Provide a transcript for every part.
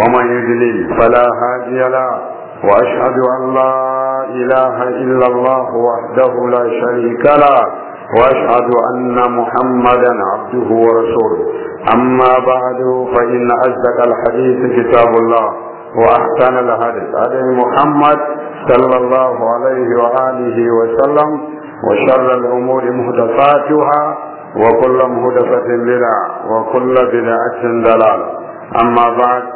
ومن يضلل فلا هادي له وأشهد أن لا إله إلا الله وحده لا شريك له وأشهد أن محمدا عبده ورسوله أما بعد فإن أصدق الحديث كتاب الله وأحسن الحديث هدي محمد صلى الله عليه وآله وسلم وشر الأمور مهدفاتها وكل مهدفة بدعة وكل بدعة ضلالة أما بعد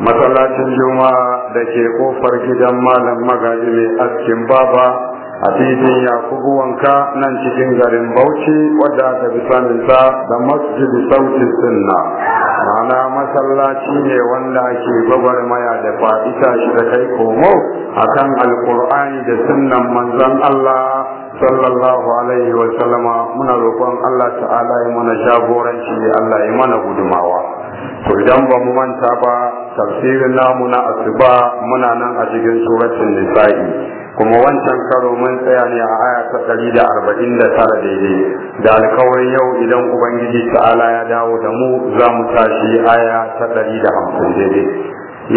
masallacin juma'a da ke kofar gidan malam magaji mai askin baba a titin yakubu wanka nan cikin garin bauchi wadda aka fi saninsa da masjid sauti sunna ma'ana masallaci ne wanda ake gwagwarmaya da fa'ita shi da kai komo a akan alkur'ani da sunnan manzan allah sallallahu alaihi wa muna roƙon allah ta'ala ya mana jagoranci allah ya mana gudumawa to idan ba mu manta ba tafsirin namu na asuba muna nan a cikin suratul nisa'i kuma wancan karo mun tsaya ne a aya ta ɗari da arba'in da tara daidai da alkawarin yau idan ubangiji ta'ala ya dawo da mu za mu tashi aya ta ɗari daidai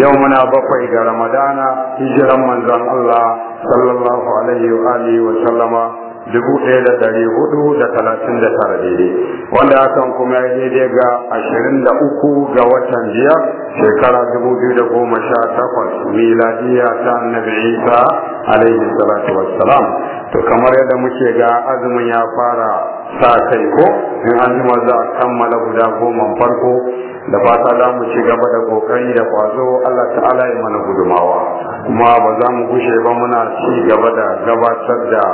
yau muna bakwai ga ramadana hijiran manzon allah sallallahu alaihi wa alihi wa sallama dubu ɗaya da ɗari hudu da talatin da tara daidai wanda hakan kuma ya daidai ga ashirin da uku ga watan biyar shekara dubu biyu da goma sha takwas miladiya ta annabi isa alaihi salatu wassalam to kamar yadda muke ga azumin ya fara sa kai ko in an jima za a kammala guda goma farko da fata za mu ci gaba da kokari da kwazo Allah ta'ala ya mana gudumawa kuma ba za mu gushe ba muna ci gaba da gabatar da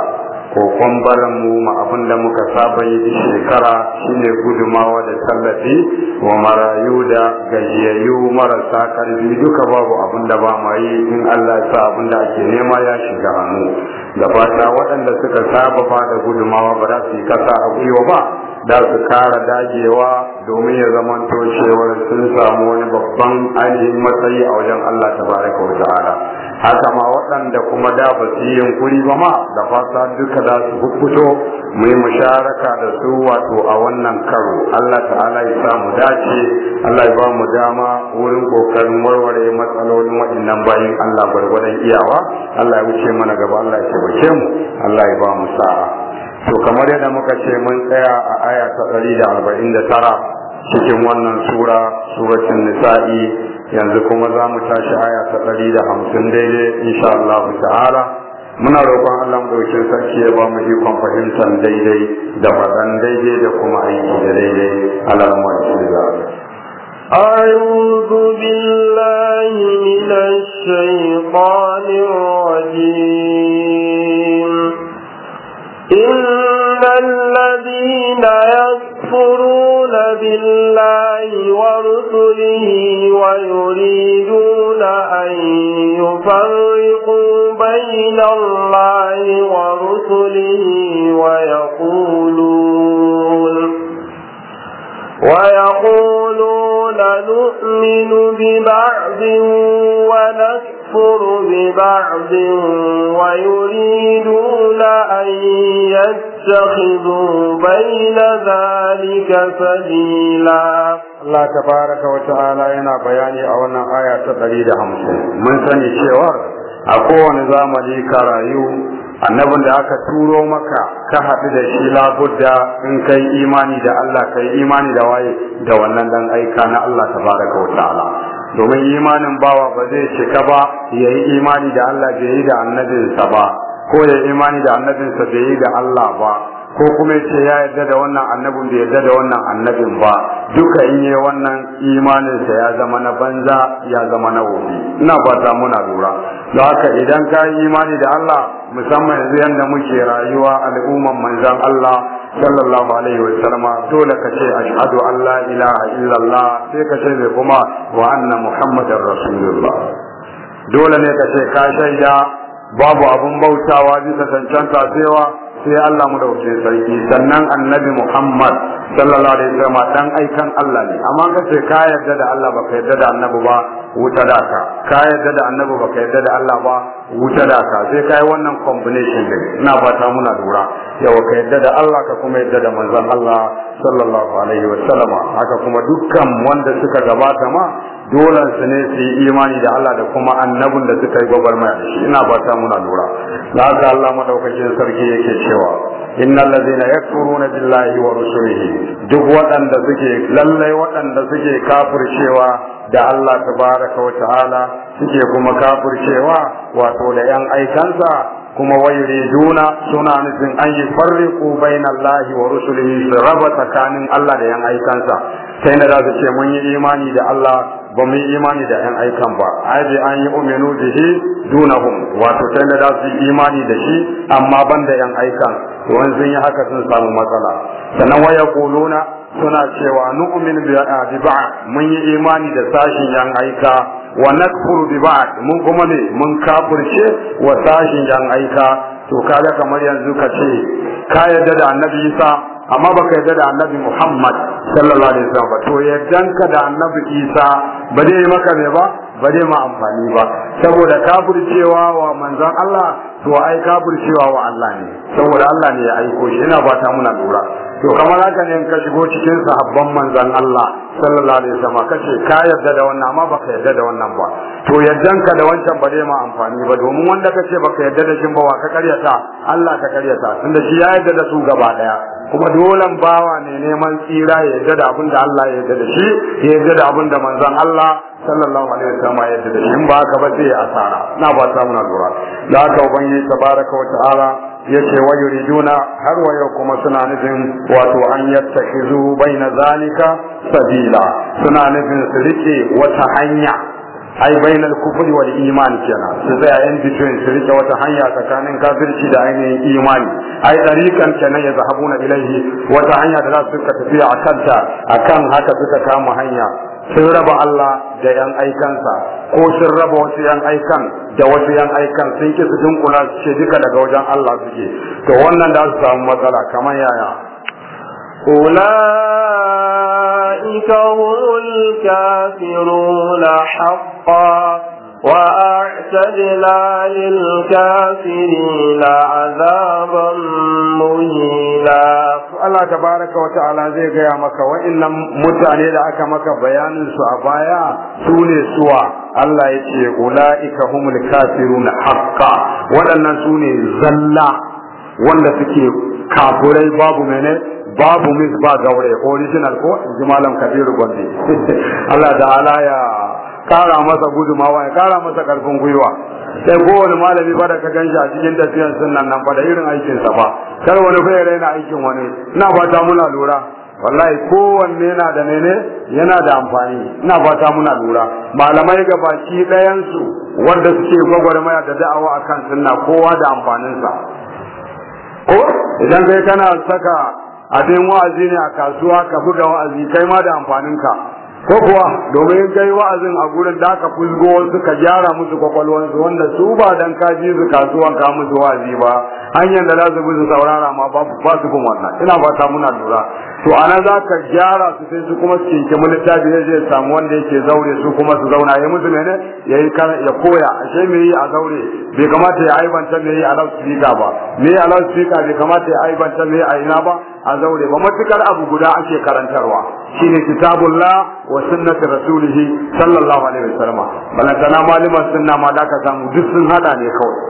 ko barin mu ma abin da muka saba yi da shekara shine gudumawa da tallafi wa marayu da gajiyayyu marasa karfi duka babu abin da ba ma yi in Allah ya sa abin da ake nema ya shiga hannu da fata waɗanda suka saba ba da gudumawa ba za su yi kasa a gwiwa ba da su kara dagewa domin ya zama cewar sun samu wani babban ainihin matsayi a wajen Allah tabaraka wa ta'ala haka ma waɗanda kuma da ba su yi yunkuri ba ma da fasa duka za su hukuto mu yi musharaka da su wato a wannan karo Allah ta'ala ya samu dace Allah ya ba mu dama wurin kokarin warware matsalolin waɗannan bayin, Allah gwargwadon iyawa Allah ya wuce mana gaba Allah ya tabbace mu Allah ya ba mu sa'a to kamar yadda muka ce mun tsaya a aya ta 149 cikin wannan sura suratun nisa'i yanzu kuma za mu tashi aya ta ɗari da hamsin daidai insha Allah ta'ala muna roƙon Allah ɗaukin sarki ya ba mu ikon fahimtar daidai da faɗan daidai da kuma aiki da daidai alamar shirya. أعوذ بالله من الشيطان الرجيم إن الذين بالله ورسله ويريدون أن يفرقوا بين الله ورسله ويقولون ويقولون نؤمن ببعض ونكفر يكفر ببعض ويريدون أن يتخذوا بين ذلك سبيلا Allah baraka wa ta'ala yana bayani a wannan aya ta 150 mun sani cewar a kowane zamani ka rayu annabin da aka turo maka ka haɗu da shi labudda in kai imani da Allah kai imani da waye da wannan dan aika na Allah baraka wa ta'ala domin imanin bawa ba zai cika ba ya yi imani da Allah bai yi da annabinsa ba ko ya yi imani da annabinsa bai yi da Allah ba ko kuma ce ya yarda da wannan annabin bai yarda da wannan annabin ba duka in yi wannan imaninsa ya zama na banza ya zama na wofi ina fata muna lura da haka idan ka yi imani da Allah musamman yanzu yadda muke rayuwa al'umman manzan Allah sallallahu alaihi wa sallama dole ka ce ashhadu an la ilaha illallah sai ka ce kuma wa anna muhammadar dole ne ka ce ka shaida babu abun bautawa bisa cancanta cewa sai Allah mu dauke sarki sannan annabi Muhammad sallallahu alaihi wasallam dan aikan Allah ne amma kace ka yarda da Allah baka yarda da annabi ba wuta da ka ka yarda da annabi baka yarda da Allah ba wuta da ka sai kai wannan combination din na fata muna lura yawa ka yadda da Allah ka kuma yadda da manzon Allah sallallahu alaihi wa haka kuma dukkan wanda suka gabata ma dole su ne su yi imani da Allah da kuma annabin da suka yi gwagwarmaya da shi ina ba ta muna lura da haka Allah madaukakin sarki yake cewa innal ladzina yakfuruna billahi wa rusulihi duk waɗanda suke lallai waɗanda suke kafircewa da Allah tabaraka wa ta'ala suke kuma kafircewa wato da yan aikansa kuma duna suna nufin an yi farriqu bainallahi wa rusulihi su raba tsakanin Allah da yan aikansa sai na za su ce mun yi imani da Allah ba mu yi imani da yan aikan ba ai bi an yi shi duna hum wato sai na za yi imani da shi amma ban da yan aikan to sun yi haka sun samu matsala sannan waya kuluna suna cewa nu'min bi ba'a mun yi imani da sashin yan aika wa nakfuru bi ba'd mun kuma ne mun kafirce wa sashin yan aika to kaga kamar yanzu ka ce ka yadda da annabi Isa amma baka yadda da annabi Muhammad sallallahu alaihi wasallam to yaddanka da annabi Isa ba dai maka ne ba ba zai ma amfani ba saboda kafircewa wa manzon Allah to ai kafircewa wa Allah ne saboda Allah ne ya aiko shi ina ba ta muna lura to kamar haka ne ka shigo cikin sahabban manzon Allah sallallahu alaihi wasallam kace ka yarda da wannan amma baka yarda da wannan ba to yardan ka da wancan ba zai ma amfani ba domin wanda ka baka yarda da shi ba wa ka karyata Allah ka karyata tunda shi ya yarda da su gaba daya kuma dolan bawa ne neman tsira ya yarda da abin da Allah ya yarda da shi ya yarda da abin da manzon Allah sallallahu alaihi wasallam ya yarda da shi in ba ka ba sai ya asara na ba ta muna lura da haka ubangiji tabaraka wa ta'ala yace wa yuriduna har wa yau kuma suna nufin wato an yattakhizu baina zalika sabila suna nufin su rike wata hanya ai bainal kufri wal iman kenan su tsaya in between su rike wata hanya tsakanin kafirci da ainihin imani ai dariqan kenan ya zahabuna ilaihi wata hanya da za su tafiya akan ta akan haka suka kama hanya sun raba Allah da yan aikansa ko sun raba wasu yan aikan da wasu yan aikan sun ki su dunkula su ce duka daga wajen Allah suke to wannan da su samu matsala kamar yaya أولئك هم الكافرون حقا وأعتدنا للكافرين عذابا مهينا Allah baraka wa ta'ala zai gaya maka wa'illan mutane da aka maka bayanin su a baya su ne suwa Allah ya ce ula'ika humul kafirun haqqa waɗannan su ne zalla wanda suke kafurai babu mene babu mis ba gaure original ko jimalan kabiru Gombe? Allah da ya kara masa gudumawa ya kara masa karfin gwiwa sai kowane malami fa da ka ganshi a cikin tafiyan sun nan fa da irin aikinsa sa ba kar wani fa ya aikin wani ina fata muna lura wallahi kowanne yana da mene yana da amfani ina fata muna lura malamai ga ɗayan su wanda suke gwagwarmaya da da'awa akan sunna kowa da amfaninsa ko idan kai kana saka abin wa'azi ne a kasuwa ka buga wa'azi kai ma da amfaninka ko kuwa domin kai wa'azin a gurin da aka fusgo wasu ka gyara musu kwakwalwansu wanda su ba dan ka ji su kasuwan ka musu wa'azi ba hanyar da za su bi su saurara ma ba su kuma wannan ina fata muna lura to ana za ka gyara su sai su kuma cinke mu littafi ne zai samu wanda yake zaure su kuma su zauna ya musu mene ya yi ya koya ashe me yi a zaure bai kamata ya aibanta me yi a loudspeaker ba me yi a loudspeaker bai kamata ya aibanta me yi a ina ba a zaure ba matukar abu guda ake karantarwa shine kitabullah wa sunnati rasulih sallallahu alaihi wasallam balantana malaman sunna ma da ka samu duk sun hada ne kawai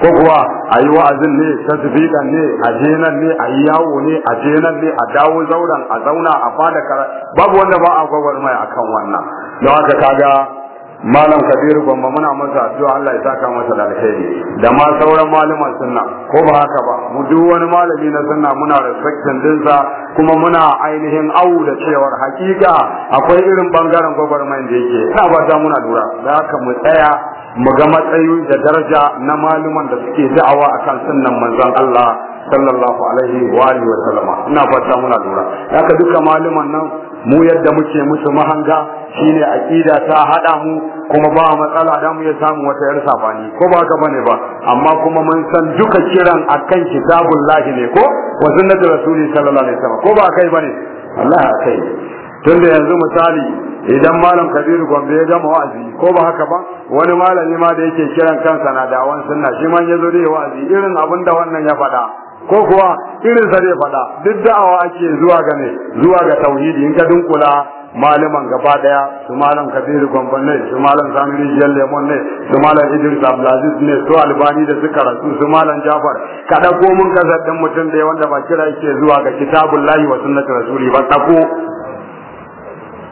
ko kuwa a yi wa'azin ne ta tafiɗan ne a jenan ne a yi yawo ne a jenan ne a dawo zauren a zauna a fada kara babu wanda ba a gwagwar mai akan wannan don haka kaga malam kabiru gwamma muna masa addu'a Allah ya saka masa da alheri da ma sauran malaman sunna ko ba haka ba mu duk wani malami na sunna muna respectin dinsa kuma muna ainihin awu da cewar hakika akwai irin bangaren gwagwarmayan da yake ina ba muna lura da haka mu tsaya mu ga matsayi da daraja na maluman da suke da'awa kan sunnan manzon Allah sallallahu alaihi wa alihi wa sallama ina fata muna lura haka duka maluman nan mu yadda muke musu mahanga shine aqida ta hada mu kuma ba matsala da mu ya samu wata yar sabani ko ba haka bane ba amma kuma mun san duka kiran akan kitabullahi ne ko wa sunnatul rasuli sallallahu alaihi wa wasallam ko ba kai bane Allah kai tunda yanzu misali idan malam kabiru gombe ya gama wa'azi ko ba haka ba wani malami ma da yake kiran kansa na da da'awan sunna shi ma ya zo da wa'azi irin abin da wannan ya faɗa ko kuwa irin sa zai faɗa duk da'awa ake zuwa ga ne zuwa ga tauhidi in ka dunkula malaman gaba daya su malam kabiru gombe ne su malam sami rijiyar lemon ne su malam idris abdulaziz ne su albani da su rasu su malam jafar ka ko mun kasar ɗin mutum da wanda ba kira yake zuwa ga kitabullahi wa sunnati rasuli ba ɗauko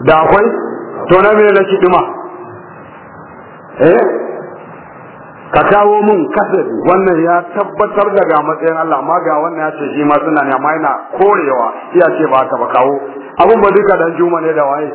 da akwai to na mai na ɗuma, eh ka kawo mun kasir wannan ya tabbatar da ga matsayin Allah amma ga wannan ya ce shi ma suna ne amma yana korewa shi ya ce ba ka ba kawo abun ba duka dan juma ne da waye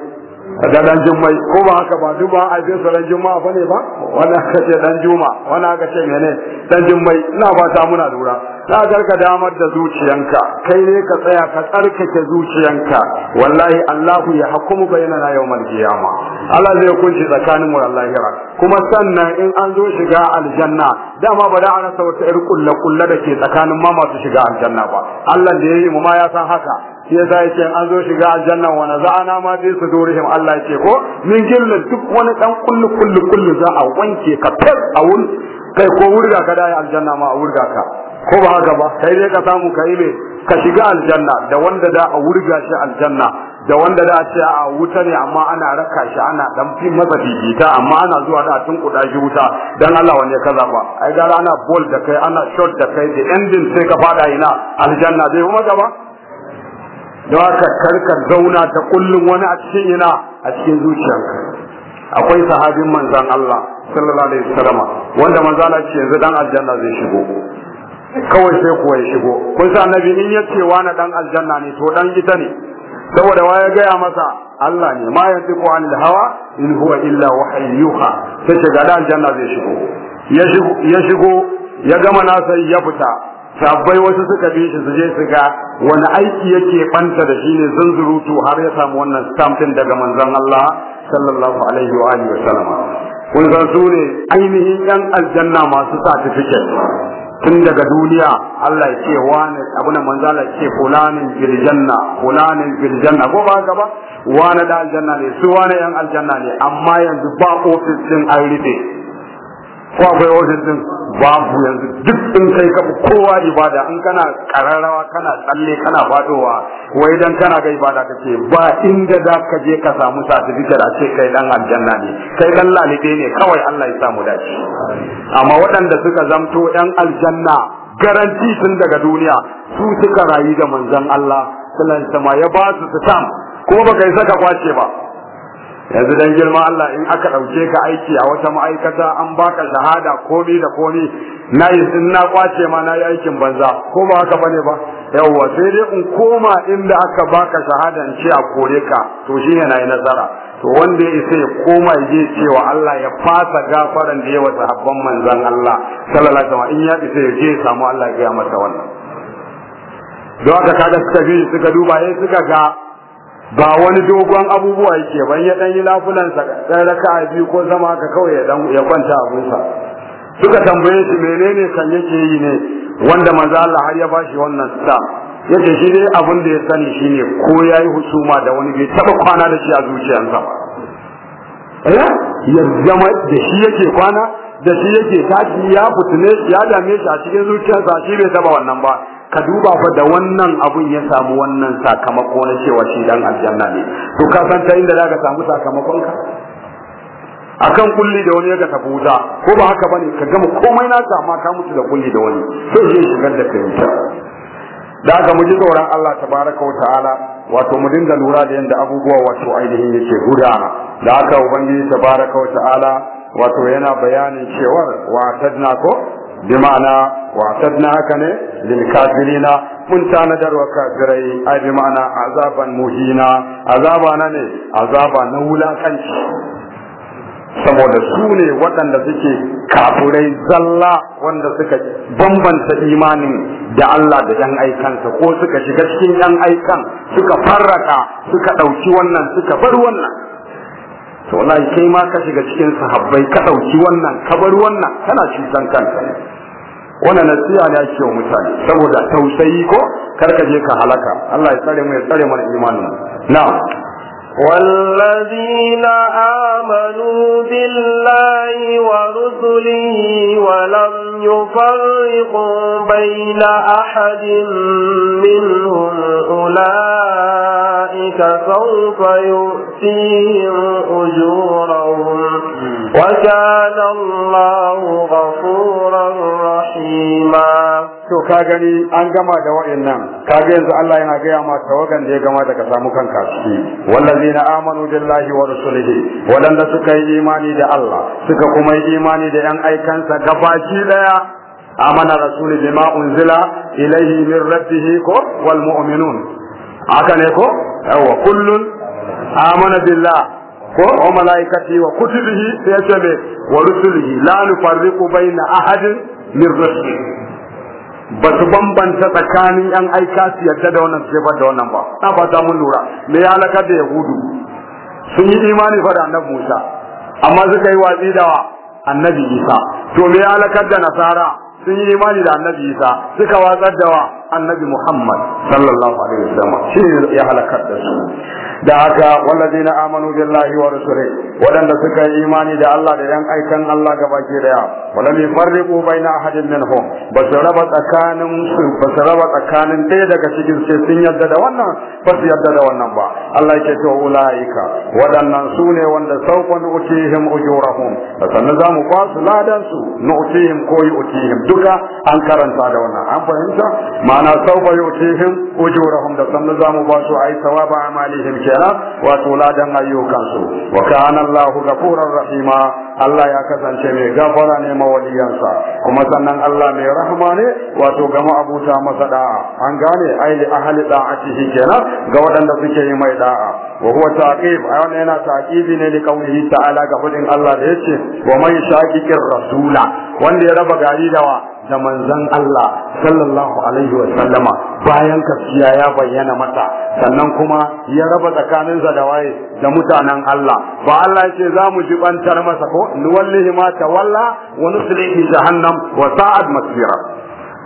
da dan jummai ko ba haka ba duk ba a bin sa dan juma ba ne ba wannan aka ce dan juma wannan aka ce mene dan jummai ina ba ta muna lura Ta garka damar da zuciyanka kai ne ka tsaya ka tsarkake zuciyanka wallahi Allahu ya hukumu bainana yawmal qiyama Allah zai kunshi tsakanin mu wallahi kuma sannan in an zo shiga aljanna dama ba da ana sauta ir kullu kullu da ke tsakanin ma masu shiga aljanna ba Allah da yayi mu ma ya san haka shi yasa yace an zo shiga aljanna wa naza'ana ma bi sudurihim Allah yace ko min gillin duk wani dan kullu kullu kullu za a wanke ka fil a wuri kai ko wurga ka dai aljanna ma a wurga ka ko ba haka ba kai dai ka samu kai ne ka shiga aljanna da wanda da a wurga shi aljanna da wanda da a ce a wuta ne amma ana raka shi ana dan fi masa bibita amma ana zuwa da tun kuda shi wuta dan Allah ya kaza ba ai gara ana bol da kai ana shot da kai da ending sai ka fada ina aljanna zai kuma gaba don haka karka zauna ta kullun wani a cikin ina a cikin zuciyarka akwai sahabin manzon Allah sallallahu alaihi wasallam wanda manzon Allah ce yanzu dan aljanna zai shigo kawai sai kuwa ya shigo kun sa annabi in ya ce wani dan aljanna ne to dan ita ne saboda wa ya gaya masa Allah ne ma yanzu ko anil hawa in huwa illa yuha. sai ce ga dan aljanna zai shigo ya shigo ya gama nasa ya fita sabbai wasu suka bi shi su je su ga wani aiki yake banta da shi ne zunzurutu har ya samu wannan stamp din daga manzon Allah sallallahu alaihi wa alihi wa sallama kun san su ne ainihin yan aljanna masu certificate tun daga duniya Allah ya ce wani abu na manzo Allah ya ce fulanin fil janna fulanin fil janna ko ba gaba wani da aljanna ne su wani yan aljanna ne amma yanzu ba ofis din an rufe ko akwai ofis din babu yanzu duk in kai ka kowa ibada in kana kararrawa kana tsalle kana fadowa wai dan kana ga ibada kace ba inda za ka je ka samu certificate a ce kai dan aljanna ne kai dan lalibe ne kawai Allah ya samu dace amma waɗanda suka zamto dan aljanna garanti sun daga duniya su suka rayu da manzon Allah sallallahu alaihi wasallam ya ba su su ko baka yi saka kwace ba yanzu dan girma Allah in aka ɗauke ka aiki a wata ma'aikata an baka shahada komi da komi na yi na kwace ma na aikin banza ko ba haka bane ba yawwa sai dai in koma inda aka baka shahada in ce a kore ka to shi ne na nasara to wanda ya isa ya koma ya je cewa Allah ya fasa gafaran da yawa sahabban manzan Allah sallallahu alaihi wasallam in ya isa ya je samu Allah ya gaya masa wannan don haka kaga suka bi suka duba sai eh, suka ga ba wani dogon abubuwa yake ban ya dan yi lafulan sa dan raka biyu ko zama ka kawai ya dan ya kwanta a gunsa suka tambaye shi menene kan yake yi ne wanda manzo Allah har ya bashi wannan sa yake shi dai abin da ya sani shine ko yayi husuma da wani bai taba kwana da shi a zuciyarsa ba eh ya zama da shi yake kwana da shi yake tashi ya fitine ya dame shi a cikin zuciyarsa shi bai taba wannan ba ka duba fa da wannan abun ya samu wannan sakamako na cewa shi dan aljanna ne to ka san ta inda zaka samu sakamakon ka akan kulli da wani ya ka tafi wuta ko ba haka bane ka gama komai na amma ka mutu da kulli da wani sai zai shigar da kai ta da ga mu ji tsoron Allah tabaraka wa ta'ala wato mu dinga lura da yanda abubuwa wato ainihin yake guda da haka ubangiji tabaraka wa ta'ala wato yana bayanin cewar wa tadna ko bi ma'ana wa tadna haka ne lil kafirina mun tanadar wa kafirai ai bi ma'ana azaban muhina azaba na ne azaba na wulakanci saboda su ne waɗanda suke kafurai zalla wanda suka bambanta imanin da Allah da ‘yan aikansa ko suka shiga cikin ‘yan aikan suka farraka suka ɗauki wannan suka bar wannan to wallahi kai ma ka shiga cikin sahabbai ka ɗauki wannan ka bar wannan kana cutan kanka ne wannan nasiha ne ake wa mutane saboda tausayi ko kar ka je ka halaka Allah ya tsare mu ya tsare mana imanin na'am والذين آمنوا بالله ورسله ولم يفرقوا بين أحد منهم أولئك سوف يؤتيهم أجورهم وكان الله غفورا رحيما to ka gani an gama da wa'annan kaga yanzu Allah yana gaya ma tawagan da ya gama daga samu kanka wallazina amanu billahi wa rasulihi wadanda suka yi imani da Allah suka kuma yi imani da yan aikansa gabaki daya amana rasuli bima unzila ilayhi min rabbih ko wal mu'minun aka ne ko yawa kullun amana billah ko wa malaikati wa kutubihi sai ce wa rusulihi la nufarriqu baina ahadin min rusulihi ba su bambanta tsakanin yan aika su yadda da wannan sai da wannan ba na fata mun lura me ya alaka da yahudu sun yi imani fa da annabi Musa amma suka yi watsi da annabi Isa to me ya alaka da nasara sun yi imani da annabi Isa suka watsar da wa annabi Muhammad sallallahu alaihi wasallam shi ya halakar da su da haka wallazina amanu billahi wa rasulihi wadanda suka yi imani da Allah da dan aikan Allah gabaki daya wala li farriqu baina ahadin minhum basaraba tsakanin su basaraba tsakanin ɗaya daga cikin su sun yadda da wannan ba su yadda da wannan ba Allah yake to ulaika wadannan su ne wanda sauƙon utihim ujurahum sannan za mu kwasu ladan su nu'tihim ko yu'tihim duka an karanta da wannan an fahimta ma'ana saufa yutihim ujurahum da sannu zamu ba su ai sawaba amalihim kenan wato ladan ayyukan su wa kana Allah rahima Allah ya kasance mai gafara ne mawaliyansa kuma sannan Allah mai rahama ne wato ga ma'abuta masa da'a an gane ai li ahli da'atihi kenan ga waɗanda suke yi mai da'a wa huwa taqib ai wannan yana taqibi ne da kaunihi ta'ala ga fadin Allah da yace wa mai shaqiqir rasula wanda ya raba gari da wa da manzon Allah sallallahu alaihi wa sallama bayan kafiya ya bayyana mata, sannan kuma ya raba tsakaninsa da waye da mutanen Allah ba Allah yake za mu jibantar masa ko wallahi ma ta walla wa nusrihi jahannam wa sa'ad masira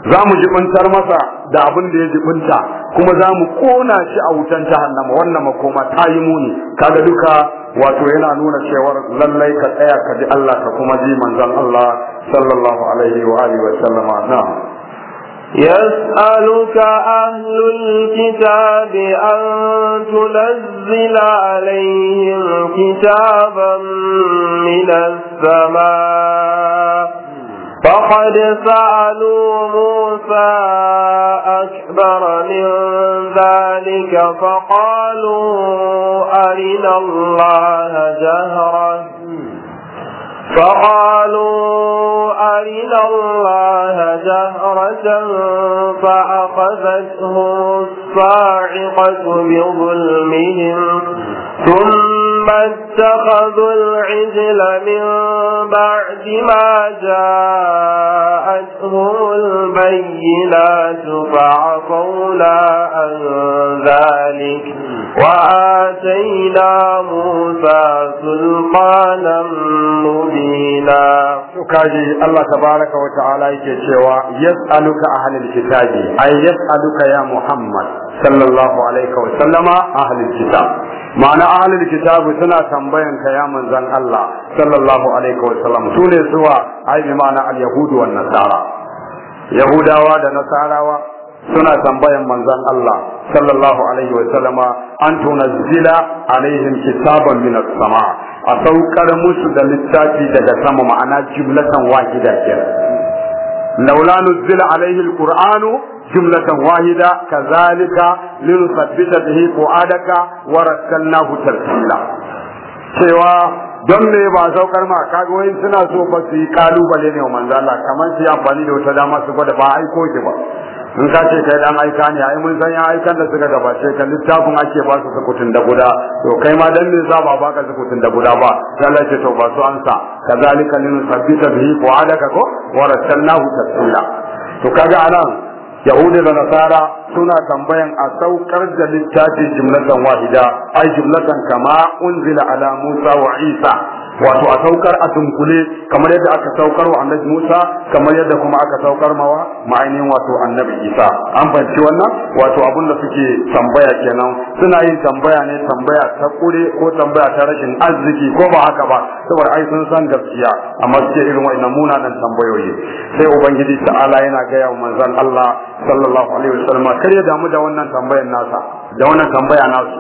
za mu jibintar masa da abin da ya jibinta kuma za mu kona shi a wutan jahannam wannan makoma ta yi muni kaga duka wato yana nuna cewar lallai ka tsaya ka ji Allah ka kuma ji manzon Allah صلى الله عليه وآله وسلم نعم يسألك أهل الكتاب أن تنزل عليهم كتابا من السماء فقد سألوا موسى أكبر من ذلك فقالوا أرنا الله جهرة فقالوا أرنا الله جهرة فأخذتهم الصاعقة بظلمهم ثم اتخذوا العجل من بعد ما جاءتهم البينات فعفونا عن ذلك وآتينا موسى سلطانا مبينا kaji Allah tabaraka wa ta'ala yake cewa yas'aluka ahlul kitabi ay yas'aluka ya Muhammad sallallahu alaihi wa sallama ma'ana ahlul kitabu suna tambayan ka ya manzon Allah sallallahu alaihi wa sallam sune zuwa ai bi ma'ana al-yahud nasara yahudawa da nasarawa suna tambayan manzan Allah sallallahu alaihi wa sallama an tunazzila alaihim kitaban min as-sama a saukar musu da littafi daga sama ma'ana jumlatan wahida ke laula nuzila alaihi al-qur'anu جملة واحدة كذلك bihi به wa ورتلناه ترتيلا cewa don me ba saukar ma kaga suna so ba su yi kalubale ne wa manzo Allah kamar shi amfani da wata dama su gwada ba aiko ki ba in ka ce kai dan aika ne ai mun san yan aikan da suka gabace kan littafin ake ba su sukutun da guda to kai ma dan ne za ba baka sukutun da guda ba sai Allah ce to ba su ansa kazalika lin sabbita bihi fu'alaka ko wa rasalnahu to kaga anan yahudi da nasara suna tambayan a saukar da littafin jumlatan wahida ai jumlatan kama unzila ala musa wa isa wato a saukar a tunkule kamar yadda aka saukar wa annabi Musa kamar yadda kuma aka saukar mawa ma'ainihin wato annabi Isa an fahimci wannan wato abin da suke tambaya kenan suna yin tambaya ne tambaya ta kure ko tambaya ta rashin arziki ko ba haka ba saboda ai sun san gaskiya amma suke irin wa'annan munanan tambayoyi sai ubangiji ta'ala yana gaya wa manzon Allah sallallahu alaihi wasallam kar ya damu da wannan tambayar nasa da wannan tambaya nasu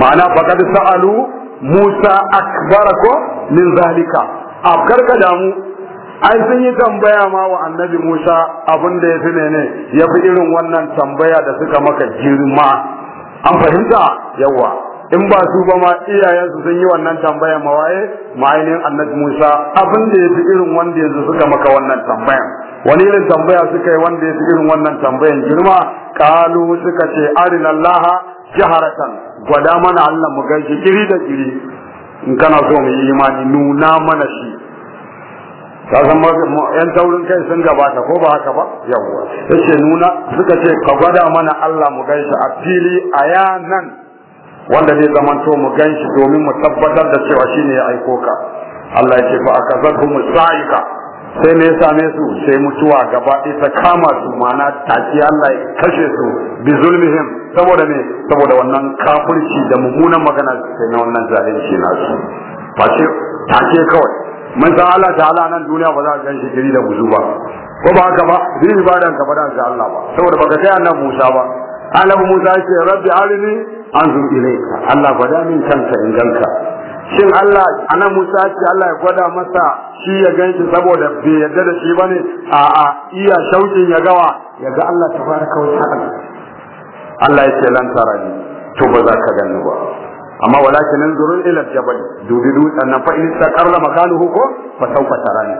ma'ana faqad sa'alu Musa akbara ko min zalika afkar ka damu ai sun yi tambaya ma wa annabi Musa abin da ya fi ne ya fi irin wannan tambaya da suka maka girma an fahimta yawa in ba su ba ma iyayensu sun yi wannan tambaya ma waye ma'ainin annabi Musa abin da ya fi irin wanda yanzu suka maka wannan tambayan wani irin tambaya suka yi wanda ya fi irin wannan tambayan girma kalu suka ce arinallaha jaharatan gwada mana Allah mu gaishe kiri da kiri in kana so mu yi imani nuna mana shi ta san yan taurin kai sun gabata ko ba haka ba yawwa ce nuna suka ce ka gwada mana Allah mu gaisa a fili a yanan wanda zai to mu shi domin mu tabbatar da cewa shine ya aiko ka Allah ya ce fa akazatu sa'ika sai me same su sai mutuwa gaba ta kama su ta ce Allah ya kashe su bi zulmihim saboda me saboda wannan kafirci da mummunan magana sai na wannan zalunci nasu face take kawai mun san Allah ta ta'ala nan duniya ba za a gan shi da muzu ba ko ba haka ba bi ibadan ka faɗa ga Allah ba saboda baka sai annabi Musa ba annabi Musa ya ce rabbi arini anzur ilayka Allah gwada min kanka in ganka shin Allah anan Musa ce Allah ya gwada masa shi ya ganshi saboda bai yarda da shi bane a a iya shaukin ya gawa ya ga Allah tabaraka wa ta'ala Allah ya ce lan tarani to ba za ka gani ba amma walakin anzurun ila jabal dubi dutsen nan fa in karla makanu ko fa sauka tarani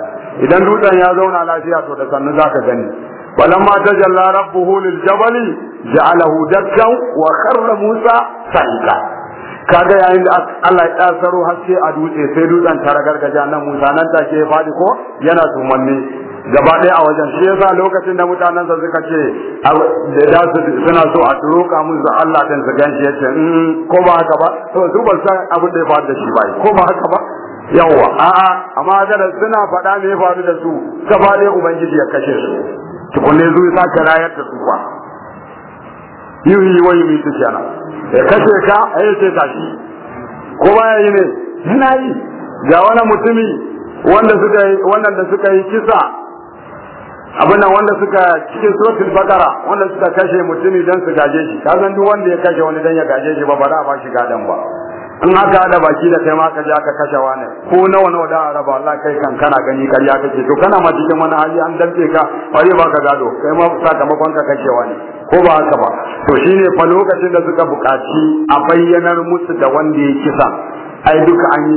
idan dutsen ya zauna lafiya to da sannu za ka gani rabbuhu lil jabal ja'alahu dakkan wa kharra musa sa'ida kaga yayin da Allah ya tsaro haske a dutse sai dutsen tara gargaja nan Musa nan take ya fadi ko yana tumanni gaba ɗaya a wajen shi yasa lokacin da mutanen sa suka ce da suna so a roka musu Allah din su ganshi yace in ko ba haka ba to su ban san abin da ya faru da shi ba ko ba haka ba yawa a'a amma da suna faɗa me ya faru da su gaba ɗaya ubangiji ya kashe su tukunne zuwa ta rayar da su ba yi wai mi kenan ya kashe ka a yi ce tashi ko baya yi ne yana yi ga wani mutumi yi wannan da suka yi kisa abin nan wanda suka cikin suratul bakara wanda suka kashe mutumi don su gaje shi ka san duk wanda ya kashe wani dan ya gaje shi ba ba za a ba shi gadon ba in aka hada baki da kai ma ka ja ka kashe wani ko nawa nawa da araba Allah kai kan kana gani karya kake to kana ma cikin wani hali an dalce ka wai ba ka gado kai ma sakamakon ka kashe wani ko ba haka ba to shine fa lokacin da suka bukaci a bayyanar musu da wanda ya kisa ai duka an yi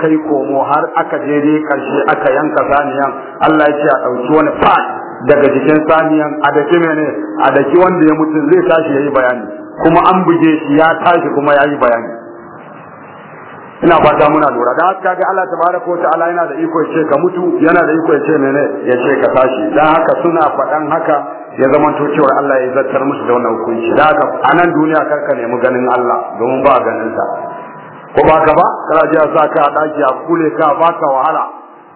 kai komo har aka je dai karshe aka yanka saniyan Allah ya ce a ɗauki wani fat daga jikin saniyan a daki mene a wanda ya mutu zai tashi yayi bayani kuma an buge shi ya tashi kuma yayi bayani ina fata muna lura da haka ga Allah tabaraka ta'ala yana da iko yace ka mutu yana da iko yace mene yace ka tashi dan haka suna faɗan haka ya zama to cewa Allah ya zartar musu da wannan hukunci dan haka anan duniya kar ka nemi ganin Allah domin ba ganin sa ko ba ka ba kana ji sa ka a daki a kule ka ba ka wahala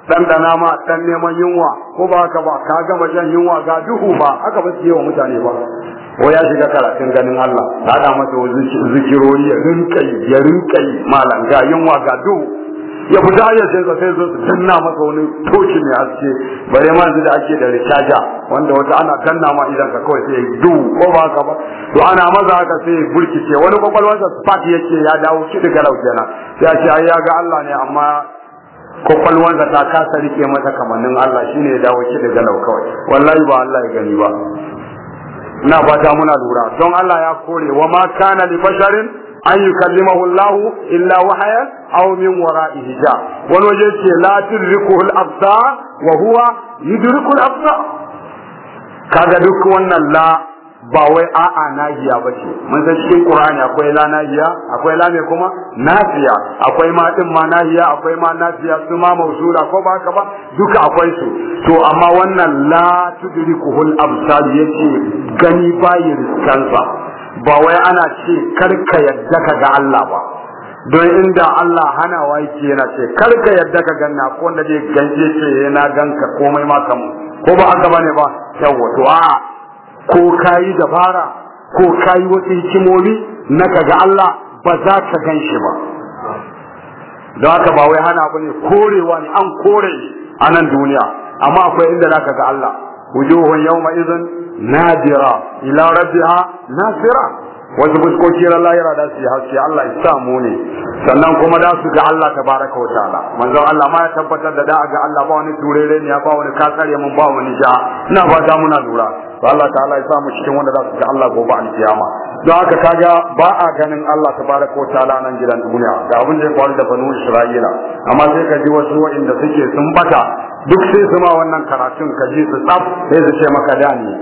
dan dana ma dan neman yunwa ko ba ka ba ka gama jan yunwa ga duhu ba haka ba su yi wa mutane ba ko ya shiga karatun ganin Allah ta da masa zikirori ya rinkai ya rinkai malam ga yunwa ga du ya fita ayyar sai sa su danna masa wani toci mai haske bare ma da ake da ricaja wanda wata ana danna ma idan ka kawai sai du ko ba ka ba to ana maza haka sai burkice wani kwakwalwarsa spark yake ya dawo shi daga rau kenan sai a ce ai ya ga Allah ne amma sa ta kasa rike mata kamannin Allah shine ya dawo shi daga rau kawai wallahi ba Allah ya gani ba ina fata muna lura don Allah ya kore wa ma kana li basharin an yukallimahu Allah illa wahaya aw min wara'i hijab wani waje ce la tudriku al-absar wa huwa yudriku al-absar kaga duk wannan la ba wai a'a nahiya ba ce mun san cikin qur'ani akwai la nahiya akwai la mai kuma nafiya akwai ma din ma nahiya akwai ma nafiya su ma mawjuda ko ba ka ba duka akwai su to amma wannan la tudrikuhul absar yace gani bayin kansa ba wai ana ce karka yadda ka ga Allah ba don inda Allah hana wa yake yana ce karka yadda ka ganna ko wanda zai ganje ce yana eh, ganka komai ma kamu ko ba aka bane ba yawwa to a'a ko kayi dabara ko kayi wasu hikimomi na kaga Allah ba za ka gan shi ba da haka ba wai hana bane korewa ne an kore a nan duniya amma akwai inda za ka ga Allah wujuhun yawma idhin nadira ila rabbiha nasira wasu fuskoki na lahira da su yi haske Allah ya samu ne sannan kuma da su ga Allah ta baraka wa ta'ala manzon Allah ma ya tabbatar da da'a ga Allah ba wani turere ne ya ba wani kasare mun ba wani ja ina ba da muna lura to Allah ta'ala ya samu cikin wanda za su ga Allah gobe alkiyama don haka kaga ba a ganin Allah ta baraka wa ta'ala nan gidan duniya ga abin da ya faru da banu Isra'ila amma sai ka ji wasu wa'inda suke sun bata duk sai su ma wannan karatun ka ji su tsaf sai su ce maka da ne